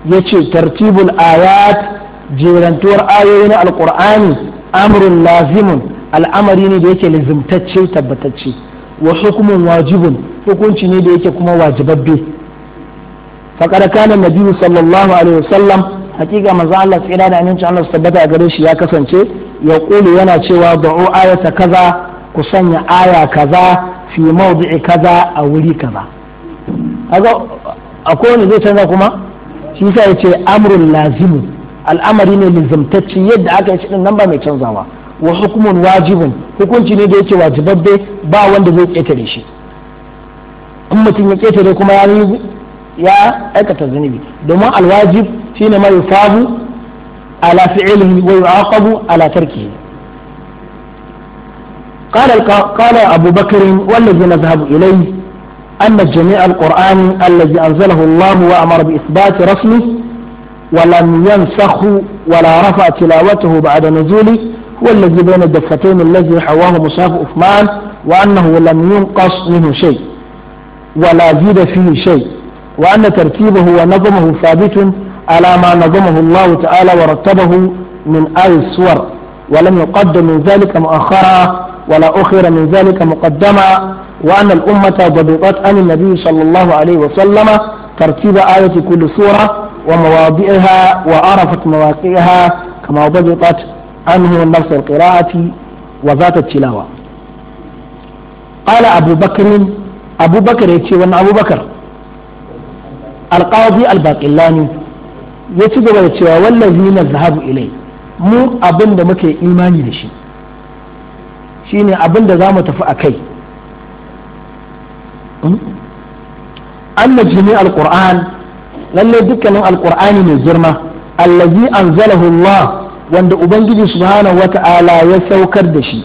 يتي ترتيب الآيات jerantuwar ayoyi na alkur'ani amrun lazimun al'amari ne da yake lizimtacce tabbatacce wa hukumun wajibun hukunci ne da yake kuma wajibabbe Faƙar kana biyu sallallahu alaihi wasallam hakika manzo Allah tsira da aminci Allah tabbata a gare shi ya kasance ya kulu yana cewa da'u ayata kaza ku sanya aya kaza fi mawdi'i kaza a wuri kaza kaga akwai wanda zai canza kuma shi ya ce amrun lazimun al'amari ne lizimtacci yadda aka yi ɗin nan ba mai canzawa wa hukumun wajibin hukunci ne da yake wajibabbe ba wanda zai ƙetare shi in mutum ya ƙetare kuma ya aikata zunubi domin alwajib shine mai sabu ala fi'lihi wa yu'aqabu ala tarkihi قال قال أبو بكر والذي نذهب إليه qur'ani جميع القرآن الذي أنزله الله وأمر بإثبات رسمه ولم ينسخ ولا رفع تلاوته بعد نزوله هو الذي بين الدفتين الذي حواه مصاف عثمان وأنه لم ينقص منه شيء ولا زيد فيه شيء وأن ترتيبه ونظمه ثابت على ما نظمه الله تعالى ورتبه من آي الصور ولم يقدم من ذلك مؤخرا ولا أخر من ذلك مقدما وأن الأمة ضبطت عن النبي صلى الله عليه وسلم ترتيب آية كل سورة ومواضعها وعرفت مواقعها كما ضبطت عنه نفس القراءة وذات التلاوة قال أبو بكر أبو بكر يتي وأن أبو بكر القاضي الباقلاني يتي ويتي والذي نذهب إليه mu abin da muke imani da shi shine abin da za mu tafi a kai أن جميع القرآن lalle dukkanin alqur'ani mai girma allazi anzalahu Allah wanda ubangiji subhanahu wata'ala ya saukar da shi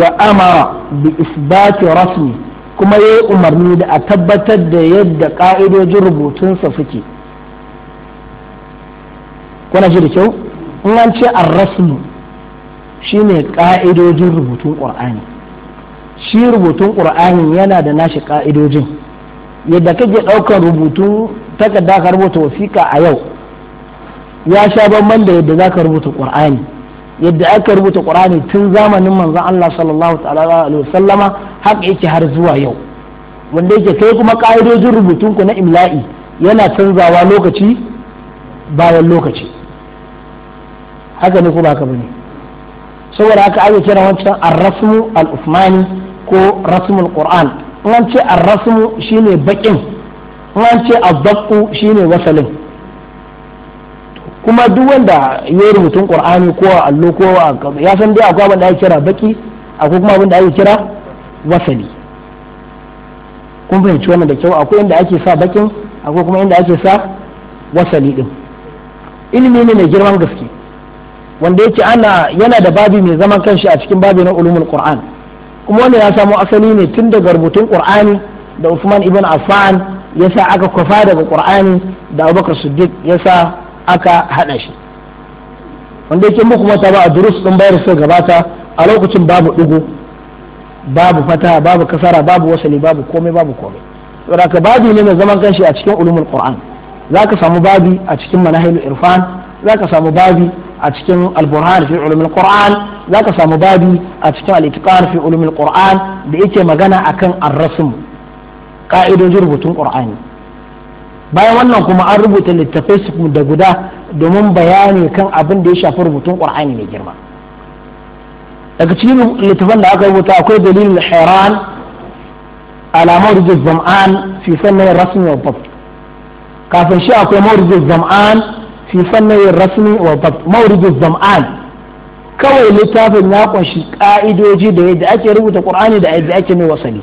wa amara bi isbati rasmi kuma ya umarni da a tabbatar da yadda ka'idojin rubutunsa suke kuna ji da kyau in an ce ar-rasmi shine ka'idojin rubutun qur'ani shi rubutun qur'ani yana da nashi ka'idojin yadda kake ɗaukar rubutu takarda ka rubuta wasiƙa a yau ya sha bamban da yadda za ka rubuta Ƙur'ani. yadda aka rubuta Ƙur'ani tun zamanin manzon Allah sallallahu alaihi wasallama haka yake har zuwa yau wanda yake kai kuma ka'idojin rubutunku na imla'i yana canzawa lokaci bayan lokaci haka ne ko ba ka bane saboda haka ake kira wancan ar-rasmu al-usmani ko rasmul qur'an in an ce ar-rasmu shine baƙin an ce abdaku shine wasalin kuma duk wanda ya yi rubutun qur'ani ko a allo ko a ya san dai akwai abin da ake kira baki akwai kuma abin da ake kira wasali kun fahimci wannan da kyau akwai inda ake sa bakin akwai kuma inda ake sa wasali din ilimi ne mai girman gaske wanda yake ana yana da babi mai zaman kanshi a cikin babi na ulumul qur'an kuma wanda ya samo asali ne tun daga rubutun qur'ani da Usman ibn Affan yasa aka kwafa daga qur'ani da abubakar siddiq yasa aka hada shi wanda yake muku mata ba a durus din bayar sai gabata a lokacin babu dugu babu fata babu kasara babu wasali babu komai babu komai saboda ka babi ne mai zaman kanshi a cikin ulumul qur'an zaka samu babi a cikin manahilul irfan zaka samu babi a cikin al-burhan fi ulumul qur'an zaka samu babi a cikin al-itiqar fi ulumul qur'an da yake magana akan ar-rasm Ka'idojin rubutun ƙur'ani bayan wannan kuma an rubuta littafai su da guda domin bayani kan abin da ya shafi rubutun ƙur'ani mai girma daga cikin littafan da aka rubuta akwai dalilin hiran alamar zam'an fi fannin rasmi wa bab kafin shi akwai mawrijin zam'an fi fannin rasmi wa bab mawrijin zam'an kawai littafin ya kunshi ka'idoji da yadda ake rubuta qur'ani da yadda ake mai wasali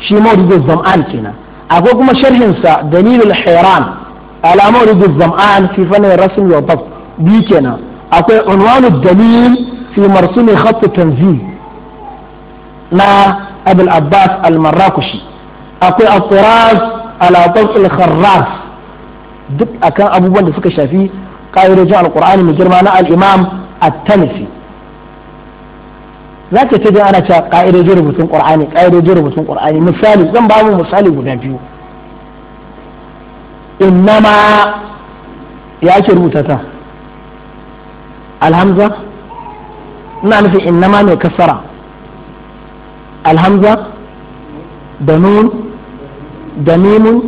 shi mawridul zam'an kenan akwai kuma sharhin sa dalilul hayran ala mawridul zam'an fi fannin rasmi wa bi kenan akwai unwanu dalil fi marsumi khatt tanzil na abul abbas al-marrakushi akwai al-tiraz ala al duk akan abubuwan da suka shafi ƙa'idojin alƙur'ani mai girma na al-imam at-tanisi za ka ce ana cewa ƙa'idojin rubutun ƙur'ani ƙa'idojin rubutun ƙur'ani misali zan ba mu misali guda biyu innama ya ke rubuta ta alhamza ina nufin innama mai kasara alhamza da nun da mimun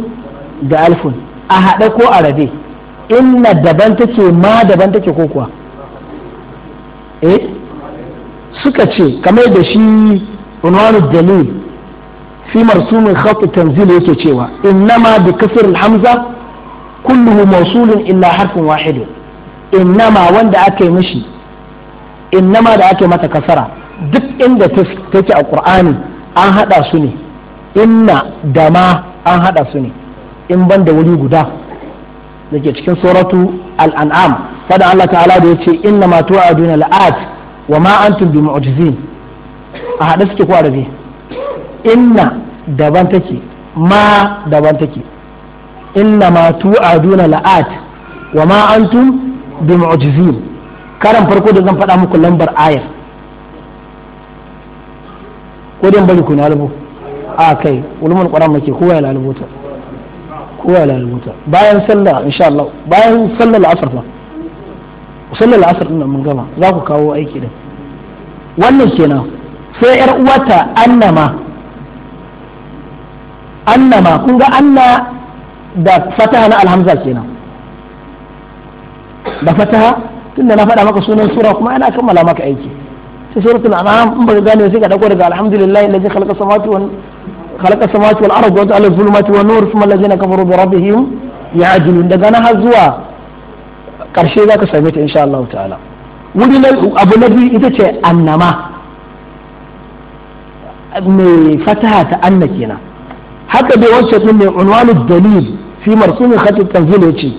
da alfun a haɗe ko a rabe inna daban take ma daban take ko kuwa eh suka ce kamar da shi unwanu dalil fi marsumin khatu tanzil yake cewa innama bi kasr hamza kulluhu mawsulun illa harfin wahidin innama wanda aka yi mishi innama da ake mata kasara duk inda take a qur'ani an hada su ne inna da ma an hada su ne in ban da wuri guda da ke cikin suratu al'an'am fadan Allah ta'ala da ya ce inna ma tu'aduna la'at wa ma antum bi mu'jizin a haɗe suke ko a rabe inna daban take ma daban take inna ma tu'aduna la'at wa ma antum bi mu'jizin karan farko da zan faɗa muku lambar ayar ko dan bari ku na albu a kai ulumul qur'an muke kowa ya lalubuta kowa ya lalubuta bayan sallah insha Allah bayan sallah al'asr fa sallar asar din mun gama za ku kawo aiki din wannan kenan sai yar uwata annama annama kun ga anna da fataha na alhamza kenan da fataha tunda na faɗa maka sunan sura kuma ana kammala maka aiki sai suratul an'am in baka gane sai ka dauko daga alhamdulillahi allazi khalaqa samawati wal khalaqa samawati wal arda wa ja'ala zulumati wan nur thumma allazina kafaru bi rabbihim ya'dilun daga nan har zuwa Karshe za ka same ta insha Allah ta'ala wuri abu na biyu ita ce annama mai fataha ta anna kenan haka da wace din mai unwanu dalil fi marsumin khatib tanzil yace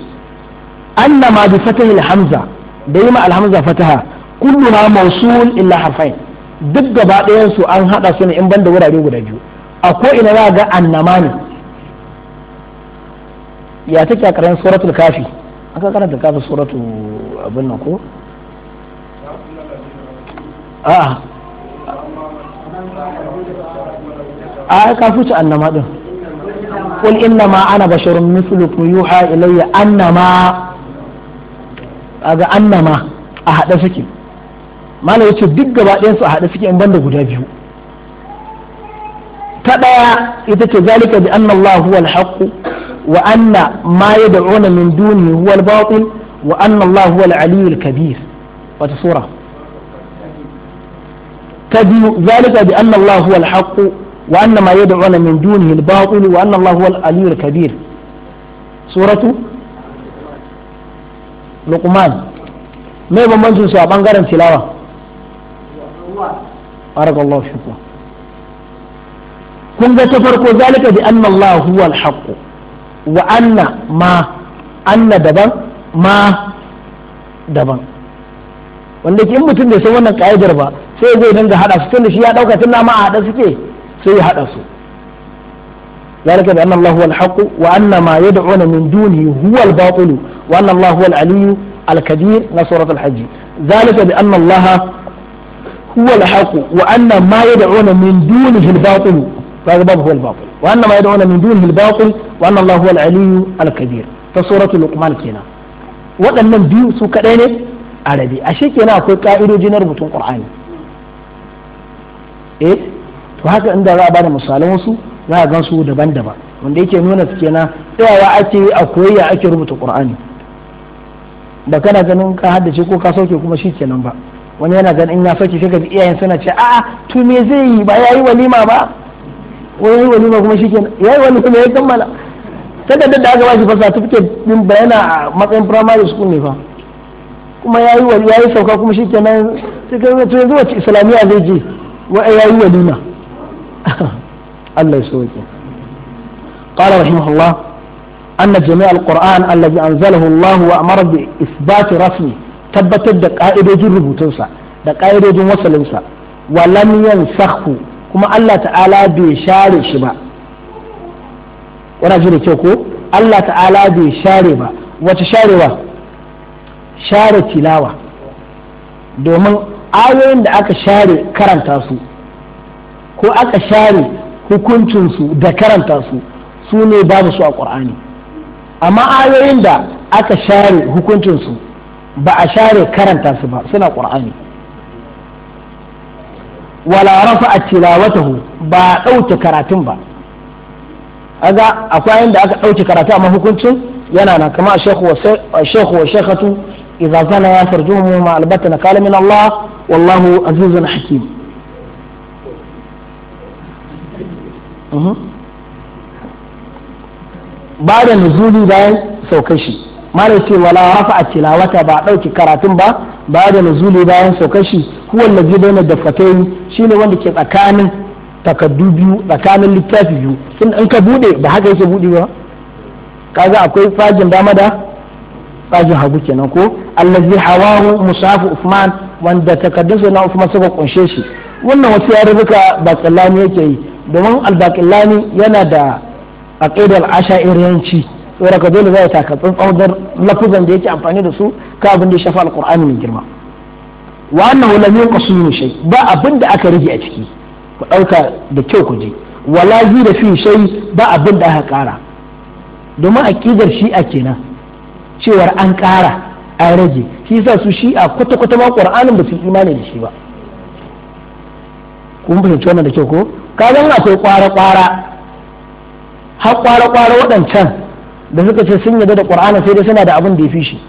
annama bi fatahi hamza da yi ma alhamza fataha kulluha mawsul illa harfain duk gaba ɗayan su an hada su ne in banda wurare guda biyu akwai ina za ga annama ne ya take a karan suratul kafi an ka karanta kafa suratu abin nan ko? a ka fuce annama din kul innama ana basharun mithlukum yuha ilayya annama aga annama a hada suke mana yace duk gaba ɗayan su a hada suke in banda guda biyu ta daya ita ce zalika bi anna allahu huwa al-haqq wa anna ma yad'una min duni huwa al-batil wa anna Allah huwa al-aliyyul kabir wata sura كبير ذلك بأن الله هو الحق وأن ما يدعون من دونه الباطل وأن الله هو العلي الكبير سورة لقمان ما يبقى منزل سوى بانقرم تلاوة بارك الله فيكم كن تفرق ذلك بأن الله هو الحق wa anna ma anna daban ma daban wanda ke in mutum bai san wannan ka'idar ba sai zai dinga hada su tunda shi ya dauka tun ma a hada suke sai ya hada su ذلك بأن الله هو الحق وأن ما يدعون من دونه هو الباطل وأن الله هو العلي الكبير من سورة الحج ذلك بأن الله هو الحق وأن ما يدعون من دونه الباطل فهذا هو الباطل وأن ما يدعون من دونه الباطل وأن الله هو ta الكبير فسورة لقمان كنا waɗannan biyu su kaɗai ne arabi ashe kenan akwai ƙa'idoji na rubutun kur'ani eh to haka inda za a bada misalan wasu za a gan su daban-daban wanda yake nuna su kenan tsayawa ake a koyayya ake rubuta ƙur'ani ba kana ganin ka haddace ko ka sauke kuma shi kenan ba wani yana ganin in ya sauke sai ka iyayen suna ce a'a to me zai yi ba yayi walima ba ko yayi walima kuma ya yi walima ya kammala takardar da aka ba shi fa certificate din bayana a matsayin primary school ne fa kuma yayi wali sauka kuma shikenan sai ka to yanzu islamiyya zai je wa yi walima Allah ya sauke قال رحمه الله أن جميع القرآن الذي أنزله الله وأمر بإثبات رسمه tabbatar da ƙa'idojin rubutunsa da ƙa'idojin wasalinsa walam yansakhu kuma Allah ta'ala bai share shi ba wana ji da kyau ko Allah ta'ala bai share ba wace sharewa share tilawa domin ayoyin da aka share karanta su ko aka share hukuncinsu da karanta su su ne babu su a ƙur'ani amma ayoyin da aka share hukuncin su ba a share karanta su ba suna ƙur'ani wala rafa a tilawatahu ba a ɗauke karatun ba aga akwai inda aka ɗauke karatu a mahukuncin yana nan kama a shekhu wa shekhatu idza zana ya mu ma albata na kalamin Allah wallahu azizun hakim mhm. ba da nuzuli bayan saukar shi malam ce wala a tilawata ba ɗauki karatun ba ba da nuzuli bayan saukar shi huwa allazi da shi shine wanda ke tsakanin takaddu biyu tsakanin littafi biyu in ka bude ba haka yake buɗe ba kaga akwai fajin dama da fajin hagu kenan ko allazi hawahu musafu usman wanda takaddasa na usman suka kunshe shi wannan wasu yarurruka baqillani yake yi domin albaqillani yana da aqidar asha'iriyanci saboda ka dole za ya taka tsantsan lafuzan da yake amfani da su ka abin da ya shafa alkur'ani mai girma wa annahu lam min shay ba abin da aka rage a ciki ku dauka da kyau ku je wala zira fi shay ba abin da aka kara domin aqidar shi'a kenan cewar an kara an rage shi yasa su shi'a kwata kwata ma qur'anin ba su imani da shi ba kun fahimci wannan da kyau ko kaga akwai kwara kwara har kwara kwara waɗancan da suka ce sun yadda da qur'ani sai dai suna da abin da ya fi shi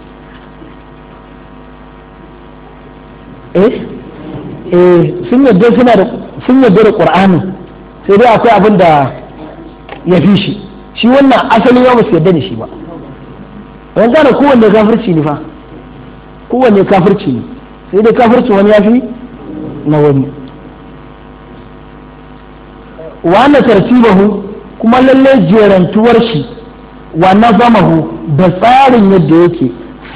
eh eh sun yadda suna da sun yadda da sai dai akwai abin da ya fi shi shi wannan asalin ya musu yadda da shi ba wani gane kowanne kafirci ne fa kowanne kafirci ne sai dai kafirci wani ya fi na wani wa na tartibahu kuma lallai jerantuwar shi wa nazamahu da tsarin yadda yake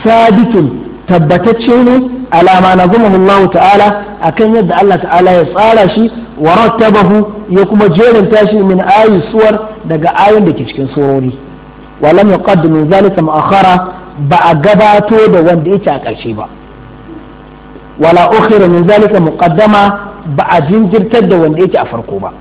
sabitun tabbatacce ne alama na gumahu Allah ta'ala akan yadda Allah ta'ala ya tsara shi wa rattabahu ya kuma jerin shi min ayi suwar daga ayoyin da ke cikin surori wa lam yuqaddu min zalika ma'akhara ba a gabato da wanda yake a ƙarshe ba wala ukhira min zalika muqaddama ba a jinjirtar da wanda yake a farko ba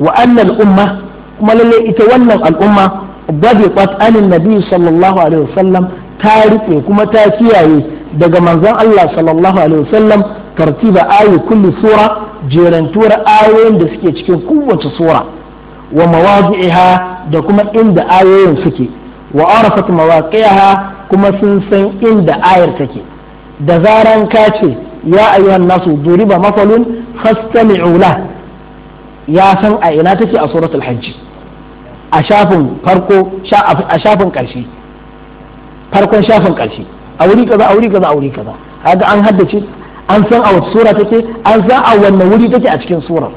wa annal umma kuma lalle ita wannan al'umma dabiqat anin nabi sallallahu alaihi wasallam ta rike kuma ta kiyaye daga manzon Allah sallallahu alaihi wasallam tartiba ayi kulli sura jerantuwar ayoyin da suke cikin kowace sura wa mawadi'iha da kuma inda ayoyin suke wa arafat mawaqi'aha kuma sun san inda ayar take da zaran ka ce ya ayyuhan nasu duriba mafalun fastami'u la ya san a ina take a suratul hajji a shafin farko a shafin ƙarshe farkon shafin ƙarshe a wuri kaza a wuri kaza a wuri kaza haka an haddace an san a wata sura take an san a wanne wuri take a cikin surar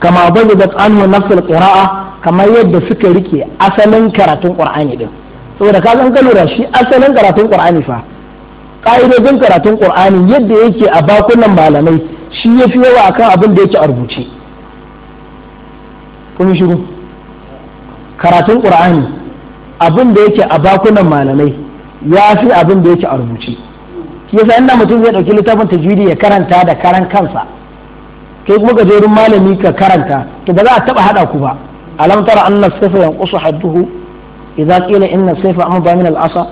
kama bazu da tsanuwa nafsul qira'a kamar yadda suka rike asalin karatun qur'ani din saboda ka san kalura shi asalin karatun qur'ani fa ka'idojin karatun qur'ani yadda yake a bakunan malamai shi yafi yawa akan abin da yake a rubuce kun shiru karatun qur'ani abinda da yake a bakunan malamai ya fi abin yake a rubuce shi yasa inda mutum zai dauki littafin tajwidi ya karanta da karan kansa kai kuma gajerun malami ka karanta to ba za a taɓa haɗa ku ba alam tara anna sayfa yanqusu hadduhu idza qila inna sayfa ba min al-asa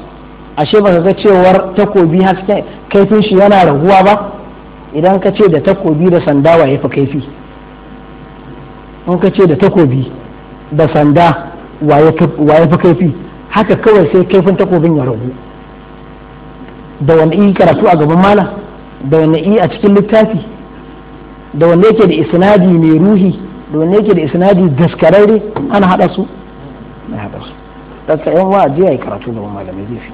ashe ba ga cewar takobi hasken kaifin shi yana raguwa ba idan ka ce da takobi da sanda wa ya fi kaifi in ka ce da takobi da sanda waye fi kaifi haka kawai sai kaifin takobin ya ragu da wanda yi karatu a gaban malam da wanda yi a cikin littafi da wanda yake da isnadi mai ruhi da wanda yake da isnadi daskararre ana hada su na hada su daga yan wa je yi karatu gaban malamai zai fi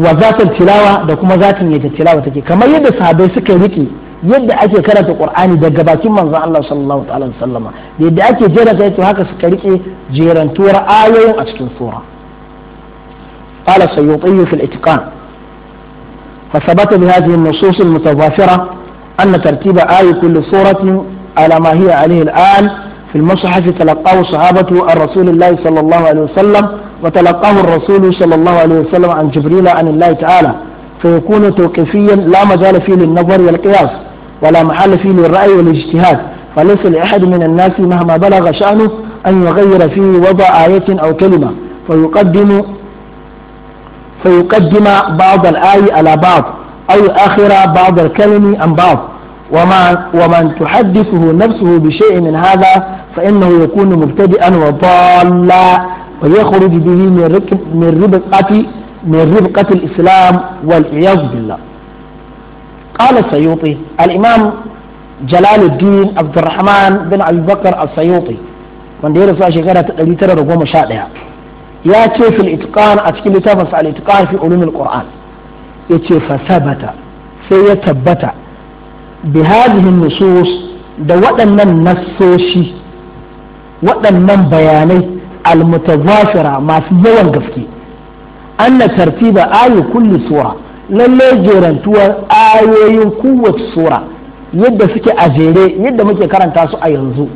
wa zatar tilawa da kuma zatin yadda tilawa take kamar yadda sahabbai suka rike yadda ake karanta qur'ani daga bakin manzon Allah sallallahu ta'ala sallama da yadda ake jera sai to haka suka rike jerantuwar ayoyin a cikin sura قال السيوطي في الاتقان فثبت بهذه النصوص المتضافرة أن ترتيب آية كل سورة على ما هي عليه الآن في المصحف تلقاه صحابة الرسول الله صلى الله عليه وسلم وتلقاه الرسول صلى الله عليه وسلم عن جبريل عن الله تعالى فيكون توقيفيا لا مجال فيه للنظر والقياس ولا محل فيه للرأي والاجتهاد فليس لأحد من الناس مهما بلغ شأنه أن يغير فيه وضع آية أو كلمة فيقدم فيقدم بعض الآية على بعض أو آخر بعض الكلم عن بعض وما ومن تحدثه نفسه بشيء من هذا فإنه يكون مبتدئا وضالا ويخرج به من ربقة من ربقة الإسلام والعياذ بالله قال السيوطي الإمام جلال الدين عبد الرحمن بن أبي بكر السيوطي من دير في شكرة لترى رقوم شادها يا في الإتقان أتكي لتفس على الإتقان في علوم القرآن يتي فثبت سيتبت بهذه النصوص da waɗannan nassoshi waɗannan bayanai almutazafira masu yawan gaske anna tartiba ayu kulli sura lallai jerantuwar ayoyin kowace sura yadda suke a jere yadda muke karanta su a yanzu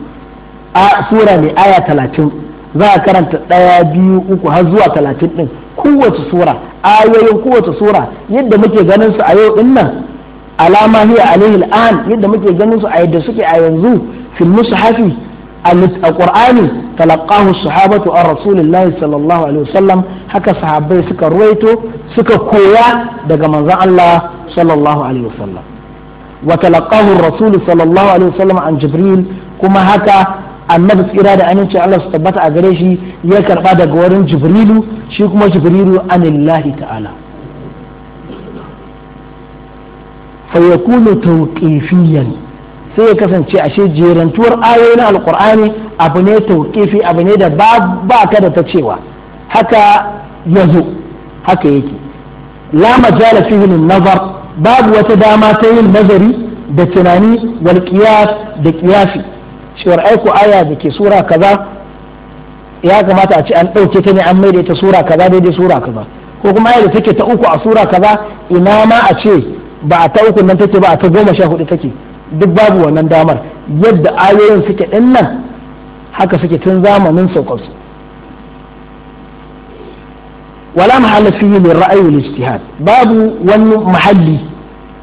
a sura ne aya talatin za a karanta ɗaya biyu uku har zuwa talatin ɗin kowace sura ayoyin kowace sura yadda muke ganin su a yau ɗin nan alama hiya alaihi al'an yadda muke ganin su a yadda suke a yanzu fil mushafi القرآن تلقاه الصحابة عن رسول الله صلى الله عليه وسلم حكى صحابي سكا رويتو سكا كويا دقا من الله صلى الله عليه وسلم وتلقاه الرسول صلى الله عليه وسلم عن جبريل كما حكى annabi tsira da aminci Allah su tabbata a gare shi ya karba daga wurin jibrilu shi kuma jibrilu anillahi ta'ala fa yakunu tawqifiyan sai ya kasance ashe jerantuwar ayoyi na alkur'ani abu ne tauƙifi abu ne da ba ka da ta cewa haka yazo haka yake lama jala fi nazar babu wata dama ta yin nazari da tunani wal qiyas da qiyasi cewar aiko aya da ke sura kaza ya kamata a ce an ɗauke ta ne an mai da ta sura kaza daidai sura kaza ko kuma aya da take ta uku a sura kaza ina ma a ce ba a ta uku nan take ba a ta goma sha hudu take duk babu wannan damar yadda ayoyin suke ɗin nan haka suke tun zamanin saukarsu wala mahalla fihi min ra'ayi wal ijtihad babu wani mahalli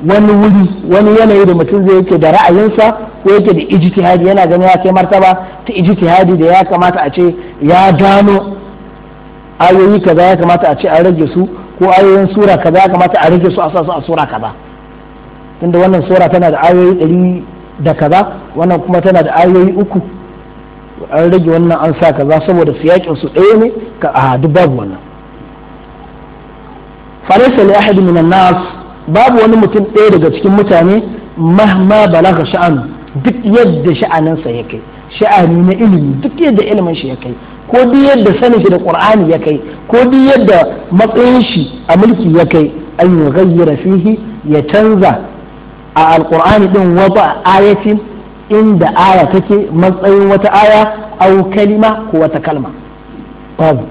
wani wuri wani yanayi da mutum zai yake da ra'ayinsa ko yake da ijtihadi yana gani ya kai martaba ta ijtihadi da ya kamata a ce ya gano ayoyi kaza ya kamata a ce a rage su ko ayoyin sura kaza ya kamata a rage su a sa su a sura kaza tunda wannan sura tana da ayoyi ɗari da kaza wannan kuma tana da ayoyi uku an rage wannan an sa kaza saboda siyakin su ɗaya ne ka a duk babu wannan falaisa li ahad min nas babu wani mutum ɗaya daga cikin mutane mahma balaga sha'an duk yadda sha'aninsa ya kai sha'ani na ilimi duk yadda ilimin shi ya kai ko duk yadda sanin shi da qur'ani ya kai ko duk yadda matsayin shi a mulki ya kai an yughayyira fihi ya canza a alkur'ani din wata ayatin inda aya take matsayin wata aya au kalima ko wata kalma babu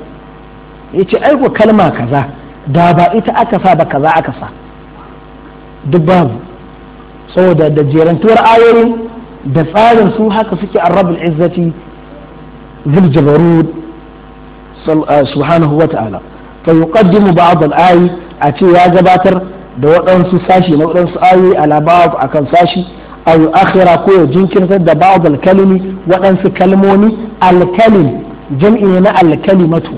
yace ai ko kalma kaza da ba ita aka sa ba kaza aka sa duk babu saboda da jerantuwar ayoyi da tsarin su haka suke arabul izzati zil subhanahu wa ta'ala fa yuqaddimu ba'd al-ayi a ce ya gabatar da waɗansu sashi na waɗansu ayoyi ala akan sashi aw akhira ko ya jinkirtar da ba'd alkalimi waɗansu kalmomi al jam'i na alkalimatu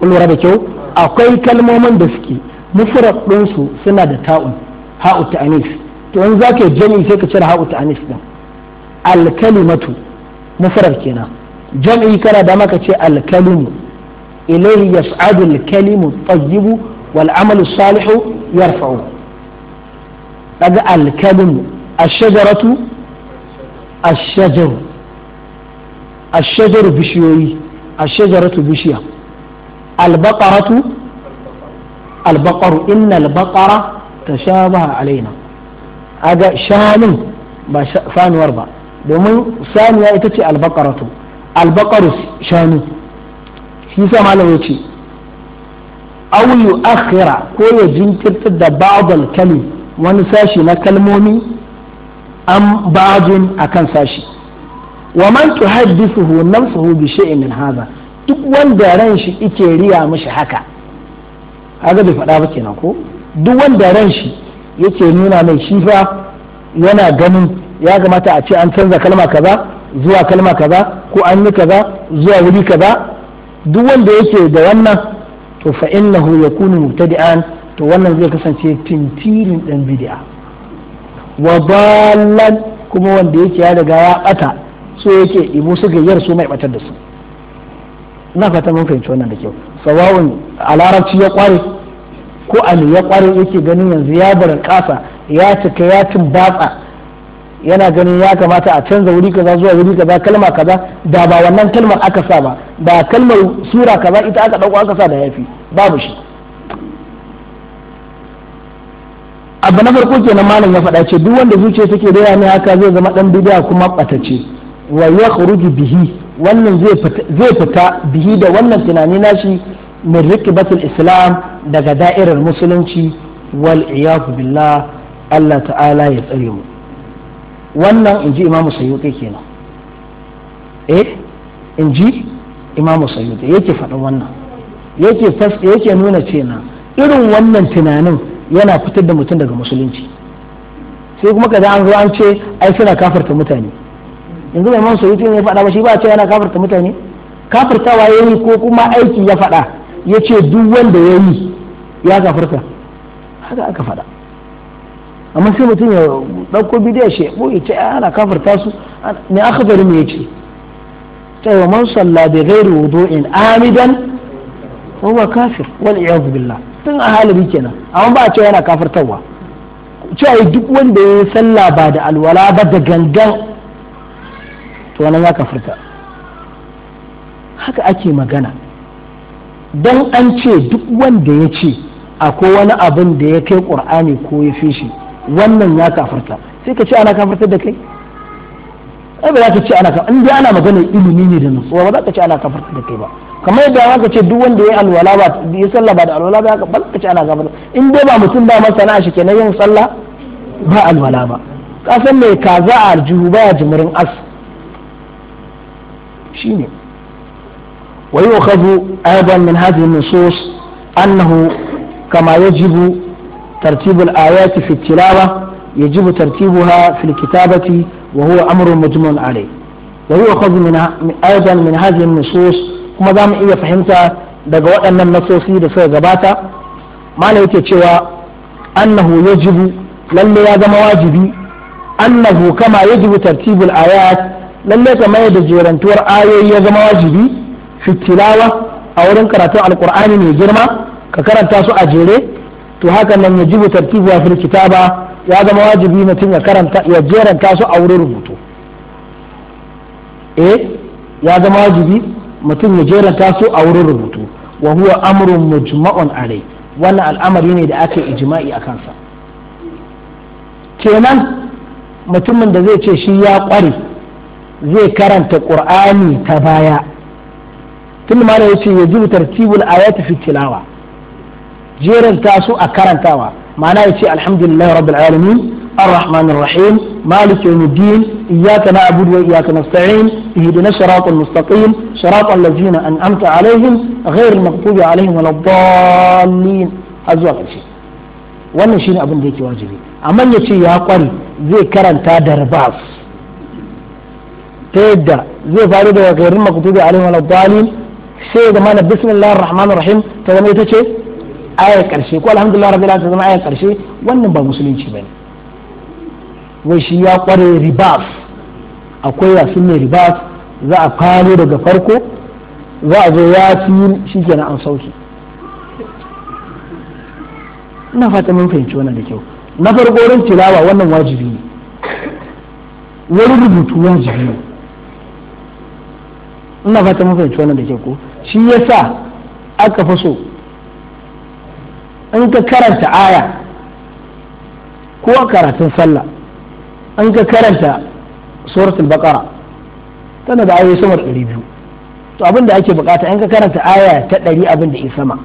kalimatu da kyau akwai kalmomin da suke mufrad ɗinsu suna da ta'un ha'u ta'anis to in zaka jami'i sai ka cire ha'u ta'anis din alkalimatu kalimatu kenan jam'i kana da maka ce al-kalimu ilayhi yas'adu al tayyibu والعمل الصالح يرفعه هذا الكلم الشجرة الشجر الشجر بشيوي الشجرة بشيا البقرة البقر إن البقرة تشابه علينا هذا شان فان واربع domin ثانية تتي البقرة البقر albakarus في shi sa Auyu yu'akhkhira ko ya jinkirtar da ba'dal kalim wani sashi na kalmomi an ba'dun akan sashi wa man tuhaddithuhu nafsuhu duk wanda ran shi yake riya mishi haka haka bai faɗa ba kenan ko duk wanda ran shi yake nuna mai shi fa yana ganin ya kamata a ce an canza kalma kaza zuwa kalma kaza ko an yi kaza zuwa wuri kaza duk wanda yake da wannan to fa innahu yakunu mubtadi'an to wannan zai kasance tintirin dan bid'a wa dalal kuma wanda yake ya daga ya bata so yake ibu su gayyar su mai batar da su ina fata mun fahimci wannan da kyau sawawun a ya kware ko a ya kware yake ganin yanzu ya bar kasa ya cika ya tumbatsa yana ganin ya kamata a canza wuri kaza zuwa wuri kaza kalma kaza da ba wannan kalmar aka sa ba da kalmar sura kaza ita aka dauko aka sa da yafi babu shi abu na farko kenan malam ya faɗa ce duk wanda zuciya take daya ne haka zai zama dan bidiya kuma ɓatace wa khuruji bihi wannan zai fita bihi da wannan tunani nashi min rikibatul islam daga da'irar musulunci wal billah Allah ta'ala ya tsare mu wannan in ji imamu sayyuti kenan eh in ji imamu sayyuti yake faɗin wannan yake yake nuna cewa irin wannan tunanin yana fitar da mutum daga musulunci sai kuma kaza an zo an ce ai suna kafarta mutane yanzu mai man sayyuti ne ya faɗa ba shi ba ce yana kafarta mutane kafartawa ya yi ko kuma aiki ya faɗa ya ce duk wanda ya yi ya kafarta haka aka faɗa amma sai mutum ya ɗauko bidiyar shi ya ce ana kafarta su ne aka bari mu ya ce ta yi man salla gairu wudu in amidan ba kafir wal iyad billah tun a halari kenan amma ba a ce yana kafirtarwa cewa duk wanda ya sallah ba da alwala ba da gangan to wani ya kafirta haka ake magana dan an ce duk wanda ya ce akwai wani abin da ya kai qur'ani ko ya fi shi wannan ya kafarta sai ka ce ana kafartar da kai ai ba za ka ce ana kafarta in ana magana ilimi ne da nutsuwa ba za ka ce ana kafartar da kai ba kamar yadda ka ce duk wanda ya alwala ba ya sallah ba da alwala ba ba ce ana kafarta in dai ba mutum ba na shi kenan yin sallah ba alwala ba ka san mai kaza a aljihu ba ya jimirin as shine ويؤخذ أيضا من هذه النصوص annahu كما يجب ترتيب الآيات في التلاوة يجب ترتيبها في الكتابة وهو أمر مجمع عليه وهو أخذ من أيضا من هذه النصوص kuma zamu iya fahimta daga waɗannan nasosi da suka gabata Mana yake cewa annahu yajibu lalle ya zama wajibi annahu kama yajibu tartibul ayat lalle kama yadda jerantuwar ayoyi ya zama wajibi fitilawa a wurin karatun alqur'ani mai girma ka karanta su a jere to haka nan yajibu tartibu wa fil kitaba ya zama wajibi mutum ya karanta ya jeranta su a wurin rubutu eh ya zama wajibi mutum ya jeranta su a wurin rubutu wa huwa amrun mujma'un alai wannan al'amari ne da aka ijma'i a kansa kenan mutumin da zai ce shi ya kware zai karanta qur'ani ta baya tun ma da yace yajibu tartibul ayati fi tilawa ta su a karantawa ma'ana ya ce alhamdulillah rabbil alamin الرحمن الرحيم مالك يوم الدين إياك نعبد وإياك نستعين اهدنا الصراط المستقيم صراط الذين أنعمت عليهم غير المغضوب عليهم ولا الضالين أزواج شيء wannan shine abin da yake wajibi amma ya ce ya kware zai karanta da rabas ta yadda zai faru da gairin makutubi alaihi wa dalil sai da mana bismillahir rahmanir rahim ta zama ita ce ayar karshe ko alhamdulillah rabbil alamin zama ayar karshe wannan ba musulunci bane wai shi ya kware ribaf akwai yasin ne ribaf za a faro daga farko za a zo ya fi shikenan an sauki ina fata mun fahimci wannan da kyau na farko wurin tilawa wannan wajibi ne wani rubutu wajibi ne ina fata mun fahimci wannan da kyau ko shi yasa aka fi so in ka karanta aya ko a karatun sallah in ka karanta suratul baqara tana da ayoyi sama da ɗari biyu to abin da ake bukata in ka karanta aya ta ɗari abin da sama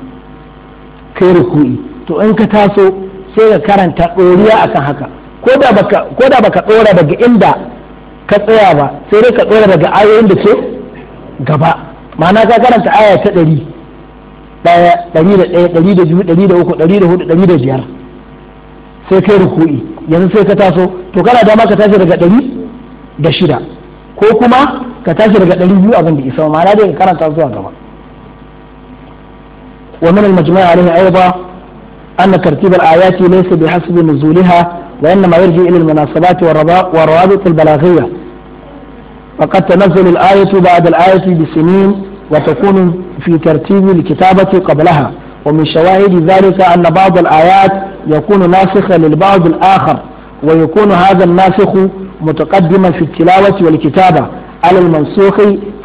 kai ruku'i to in ka taso sai ka karanta ɗoriya akan haka ko da baka ko da baka ɗora daga inda ka tsaya ba sai dai ka ɗora daga ayoyin da ke gaba ma'ana ka karanta aya ta ɗari ɗaya ɗari da ɗaya ɗari da biyu ɗari da uku ɗari da hudu ɗari da biyar sai kai ruku'i yanzu sai ka taso to kana dama ka tashi daga ɗari da shida ko kuma ka tashi daga ɗari biyu abin da isa ma'ana dai ka karanta zuwa gaba wa min al-majma' alayhi ayda أن ترتيب الآيات ليس بحسب نزولها وإنما يرجع إلى المناسبات والروابط البلاغية فقد تنزل الآية بعد الآية بسنين وتكون في ترتيب الكتابة قبلها ومن شواهد ذلك أن بعض الآيات يكون ناسخا للبعض الآخر ويكون هذا الناسخ متقدما في التلاوة والكتابة على المنسوخ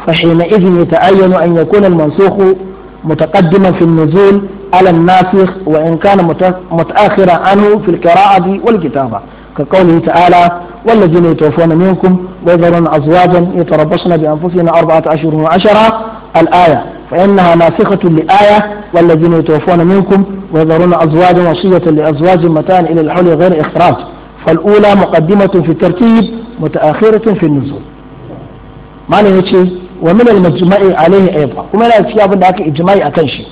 فحينئذ يتعين أن يكون المنسوخ متقدما في النزول على الناسخ وإن كان متأخرا عنه في القراءة والكتابة كقوله تعالى والذين يتوفون منكم ويذرون أزواجا يتربصن بأنفسهن أربعة أشهر وعشرة الآية فإنها ناسخة لآية والذين يتوفون منكم ويذرون أزواجا وصية لأزواج متاع إلى الحول غير إخراج فالأولى مقدمة في الترتيب متأخرة في النزول ما نهيشي ومن المجمع عليه أيضا ومن الأشياء ذاك إجماع أكنشي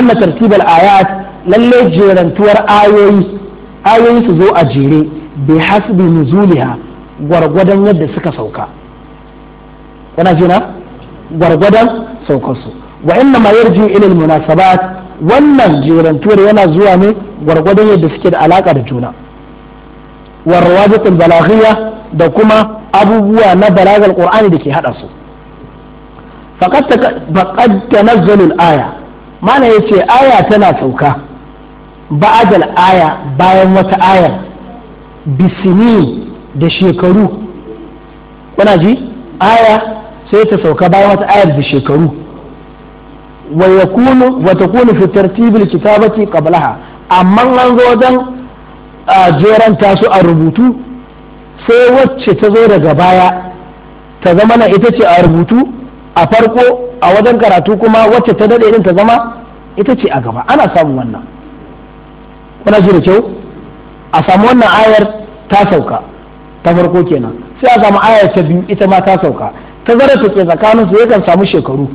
أن ترتيب الآيات للي جيران تور آيوي آيوي سزو أجيري بحسب نزولها gwargwadon yadda suka sauka kuna jina gwargwadon saukarsu wa inna ma yarji wannan jirantuwar yana zuwa ne gwargwadon yadda suke da alaka da juna wa rawabitul da kuma abubuwa na balagal qur'ani da ke hada su faqad faqad tanazzalu al aya mana yace aya tana sauka ba'dal aya bayan wata aya bisini da shekaru kuna ji aya sai ta sauka bayan wata ayar da shekaru wa yakunu wa takunu fi tartibil kitabati qablaha amma an zo wajen jeran tasu a rubutu sai wacce ta zo daga baya ta zama na ita ce a rubutu a farko a wajen karatu kuma wacce ta dade din ta zama ita ce a gaba ana samun wannan kuna ji da kyau a samu wannan ayar ta sauka ta farko kenan sai a samu ayar ta biyu ita ma ta sauka ta zara ta ke tsakanin su yakan samu shekaru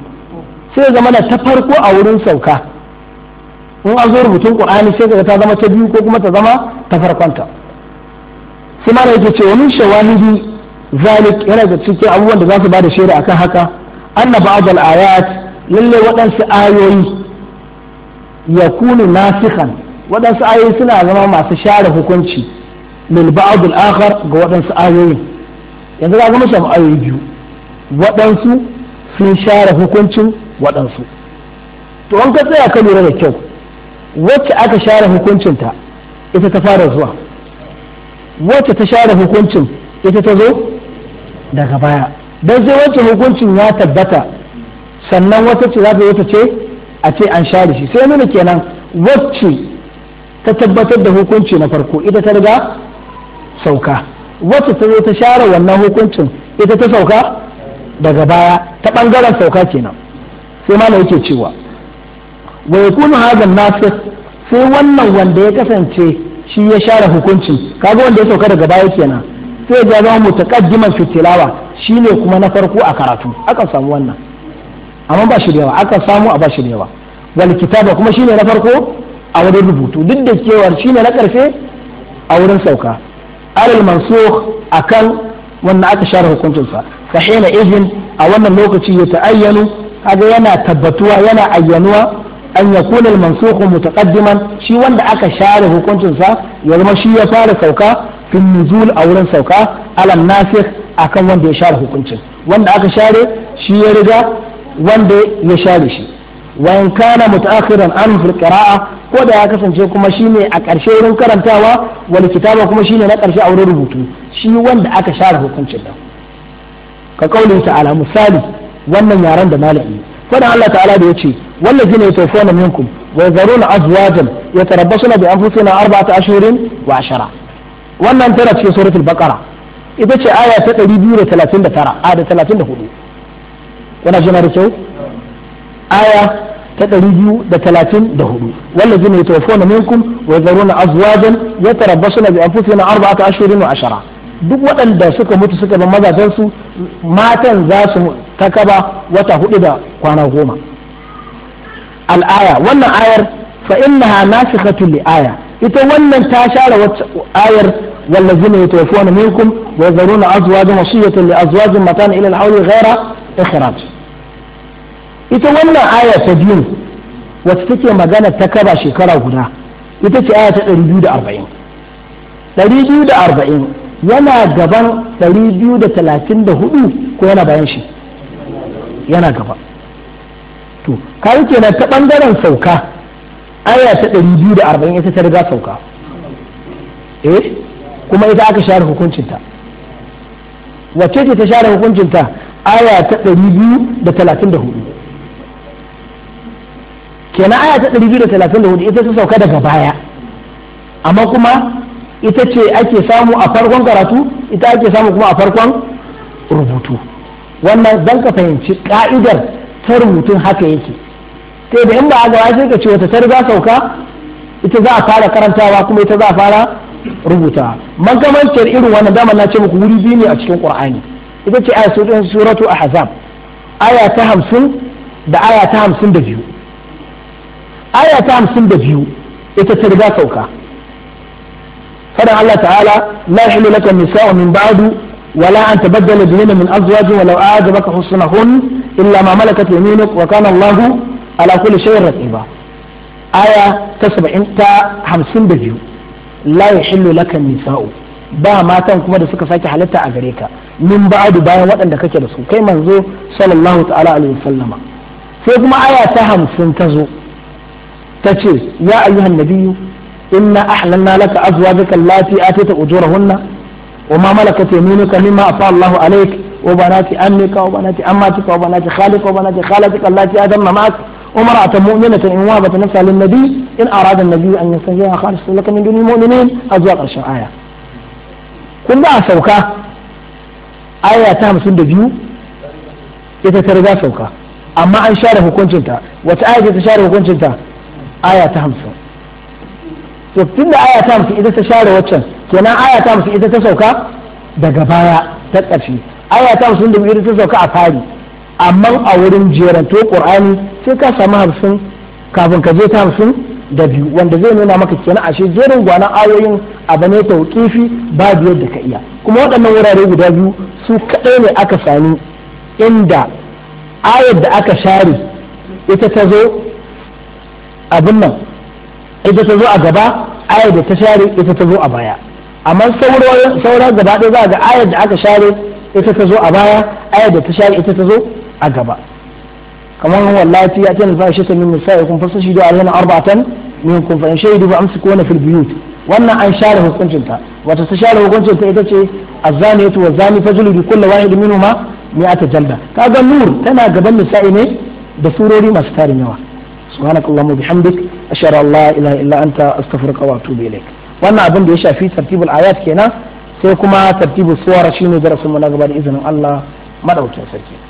sai zama ta farko a wurin sauka in an zo rubutun qur'ani sai kaga ta zama ta biyu ko kuma ta zama ta farkonta sai mana yake cewa min shawahidi zalik yana da cikin abubuwan da za su bada shaida akan haka anna ba'd ayat lalle waɗansu ayoyi yakunu nasihan? waɗansu ayoyi suna zama masu share hukunci lil ba'd al-akhar ga waɗansu ayoyi yanzu ga gama shafa ayoyi biyu waɗansu sun share hukuncin waɗansu to an ka tsaya ka lura da kyau wacce aka share hukuncinta ita ta fara zuwa wacce ta share hukuncin ita ta zo daga baya don sai wacce hukuncin ya tabbata sannan wata ce za ta zo ta ce a ce an share shi sai nuna kenan wacce ta tabbatar da hukunci na farko ita ta riga sauka wacce ta zo ta share wannan hukuncin ita ta sauka daga baya ta bangaren sauka kenan sai ma yake cewa wa yakunu hadha nasikh sai wannan wanda ya kasance shi ya share hukunci kaga wanda ya sauka daga baya kenan sai ya zama mutaqaddiman fi tilawa shine kuma na farko a karatu akan samu wannan amma ba shi da yawa akan samu a ba shi da yawa wal kitaba kuma shine na farko a wurin rubutu duk da kewar shine na karfe a wurin sauka alal mansukh akan wannan aka share hukuncinsa fa hina izin a wannan lokaci ya ta'ayyanu kaga yana tabbatuwa yana ayyanuwa an yakuna al mu mutaqaddiman shi wanda aka share hukuncinsa ya zama shi ya fara sauka fil nuzul a wurin sauka alam nasikh akan wanda ya share hukuncin wanda aka share shi ya riga wanda ya share shi wa in kana mutaakhiran an fil qira'a ko da ya kasance kuma shine a ƙarshe wurin karantawa wal kitaba kuma shine na ƙarshe a wurin rubutu shi wanda aka share hukuncin da ka kaulin ta'ala misali wannan yaran da malami fadan Allah ta'ala da yace wallazina yatawaffawna minkum wa yazaruna azwajan yatarabbasuna bi anfusina arba'ata ashhurin wa ashara wannan tana cikin suratul baqara ita ce aya ta ɗari a da 34 kuna jina da kyau aya ta ɗari biyu da talatin da hudu wallazi ne ta fona minkum wa zaruna azwajan ya tarabbasu na bi arba aka ashirin na ashara duk waɗanda suka mutu suka bar mazajen matan za su ta kaba wata hudu da kwana goma al'aya wannan ayar fa innaha nasikhatun li aya ita wannan ta share wata ayar wallazi ne ta fona minkum wa zaruna azwajan wasiyatan li azwajin matan ila al-hawli ghaira ikhraj ita wannan aya ta biyu wacce take magana ta kaba shekara guda ita ce aya ta 240 240 yana gaban 234 ko yana bayan shi yana gaba to kai kenan ta bangaren sauka aya ta 240 ita ta riga sauka eh kuma ita aka share hukuncinta wacce ce ta share hukuncinta aya ta 234 kenan aya ta 234 ita ta sauka daga baya amma kuma ita ce ake samu a farkon karatu ita ake samu kuma a farkon rubutu wannan zan ka fahimci ka'idar ta rubutun haka yake sai da in ba a gaba sai ka ce wata ta riga sauka ita za a fara karantawa kuma ita za a fara rubuta man kamantar irin wannan dama na ce muku wuri biyu ne a cikin qur'ani ita ce aya suratu ahzab aya ta hamsin da aya ta hamsin da biyu aya ta hamsin da biyu ita ta riga sauka fadan Allah ta'ala la yahlu laka nisa'u min ba'du wala an tabaddala dinin min azwajin walau a'jabaka husnahun illa ma malakat yaminuk wa kana Allahu ala kulli shay'in raqiba aya ta 70 ta 52 la yahlu laka nisa'u ba matan kuma da suka sake halatta a gare ka min ba'du bayan waɗanda kake da su kai manzo sallallahu ta'ala alaihi wasallama sai kuma aya ta 50 ta zo tace ya ayyuhan nabiyyu inna ahlanna laka azwajaka allati atata ujurahunna wa ma malakat yaminuka mimma afa Allahu alayk wa banati ammika wa banati ammatika wa banati khalika wa banati مؤمنة إن وهبت نفسها للنبي إن أراد النبي أن يستهيها خالصة لك من دون المؤمنين أزواج الشرعية kun ba a sauka aya ta hamsin da biyu ita ta riga sauka amma an share hukuncinta wata ta share hukuncinta aya ta hamsin to tunda aya ta hamsin ita ta share waccan kenan aya ta hamsin ita ta sauka daga baya ta ƙarshe aya ta hamsin da ita ta sauka a fari amma a wurin to qur'ani sai ka samu hamsin kafin ka je ta hamsin da biyu wanda zai nuna maka kenan ashe jerin gwanan ayoyin abu ne ba biyar da ka iya kuma waɗannan wurare guda biyu su kaɗai ne aka sami inda ayar da aka share ita ta zo abin nan ita ta zo a gaba ayar da ta share ita ta zo a baya amma sauran gaba ɗaya za ga ayar da aka share ita ta zo a baya ayar da ta share ita ta zo a gaba kamar wallahi ya tana fa shi min nisaikum fasashidu alaihi arba'atan minkum fa in shahidu fa amsikuna fil buyut wannan an share hukuncinta wata ta share hukuncinta ita ce azzaniyatu wazzani fajlidu kullu wahid minhuma mi'ata jalda kaga nur tana gaban nisa'i ne da surori masu tarin yawa subhanak allahumma bihamdik ashhadu an la ilaha illa anta astaghfiruka wa atubu ilaik wannan abin da ya shafi tartibul ayat kenan sai kuma tartibul suwar shine darasin mu na gaba da izinin Allah madaukakin sarki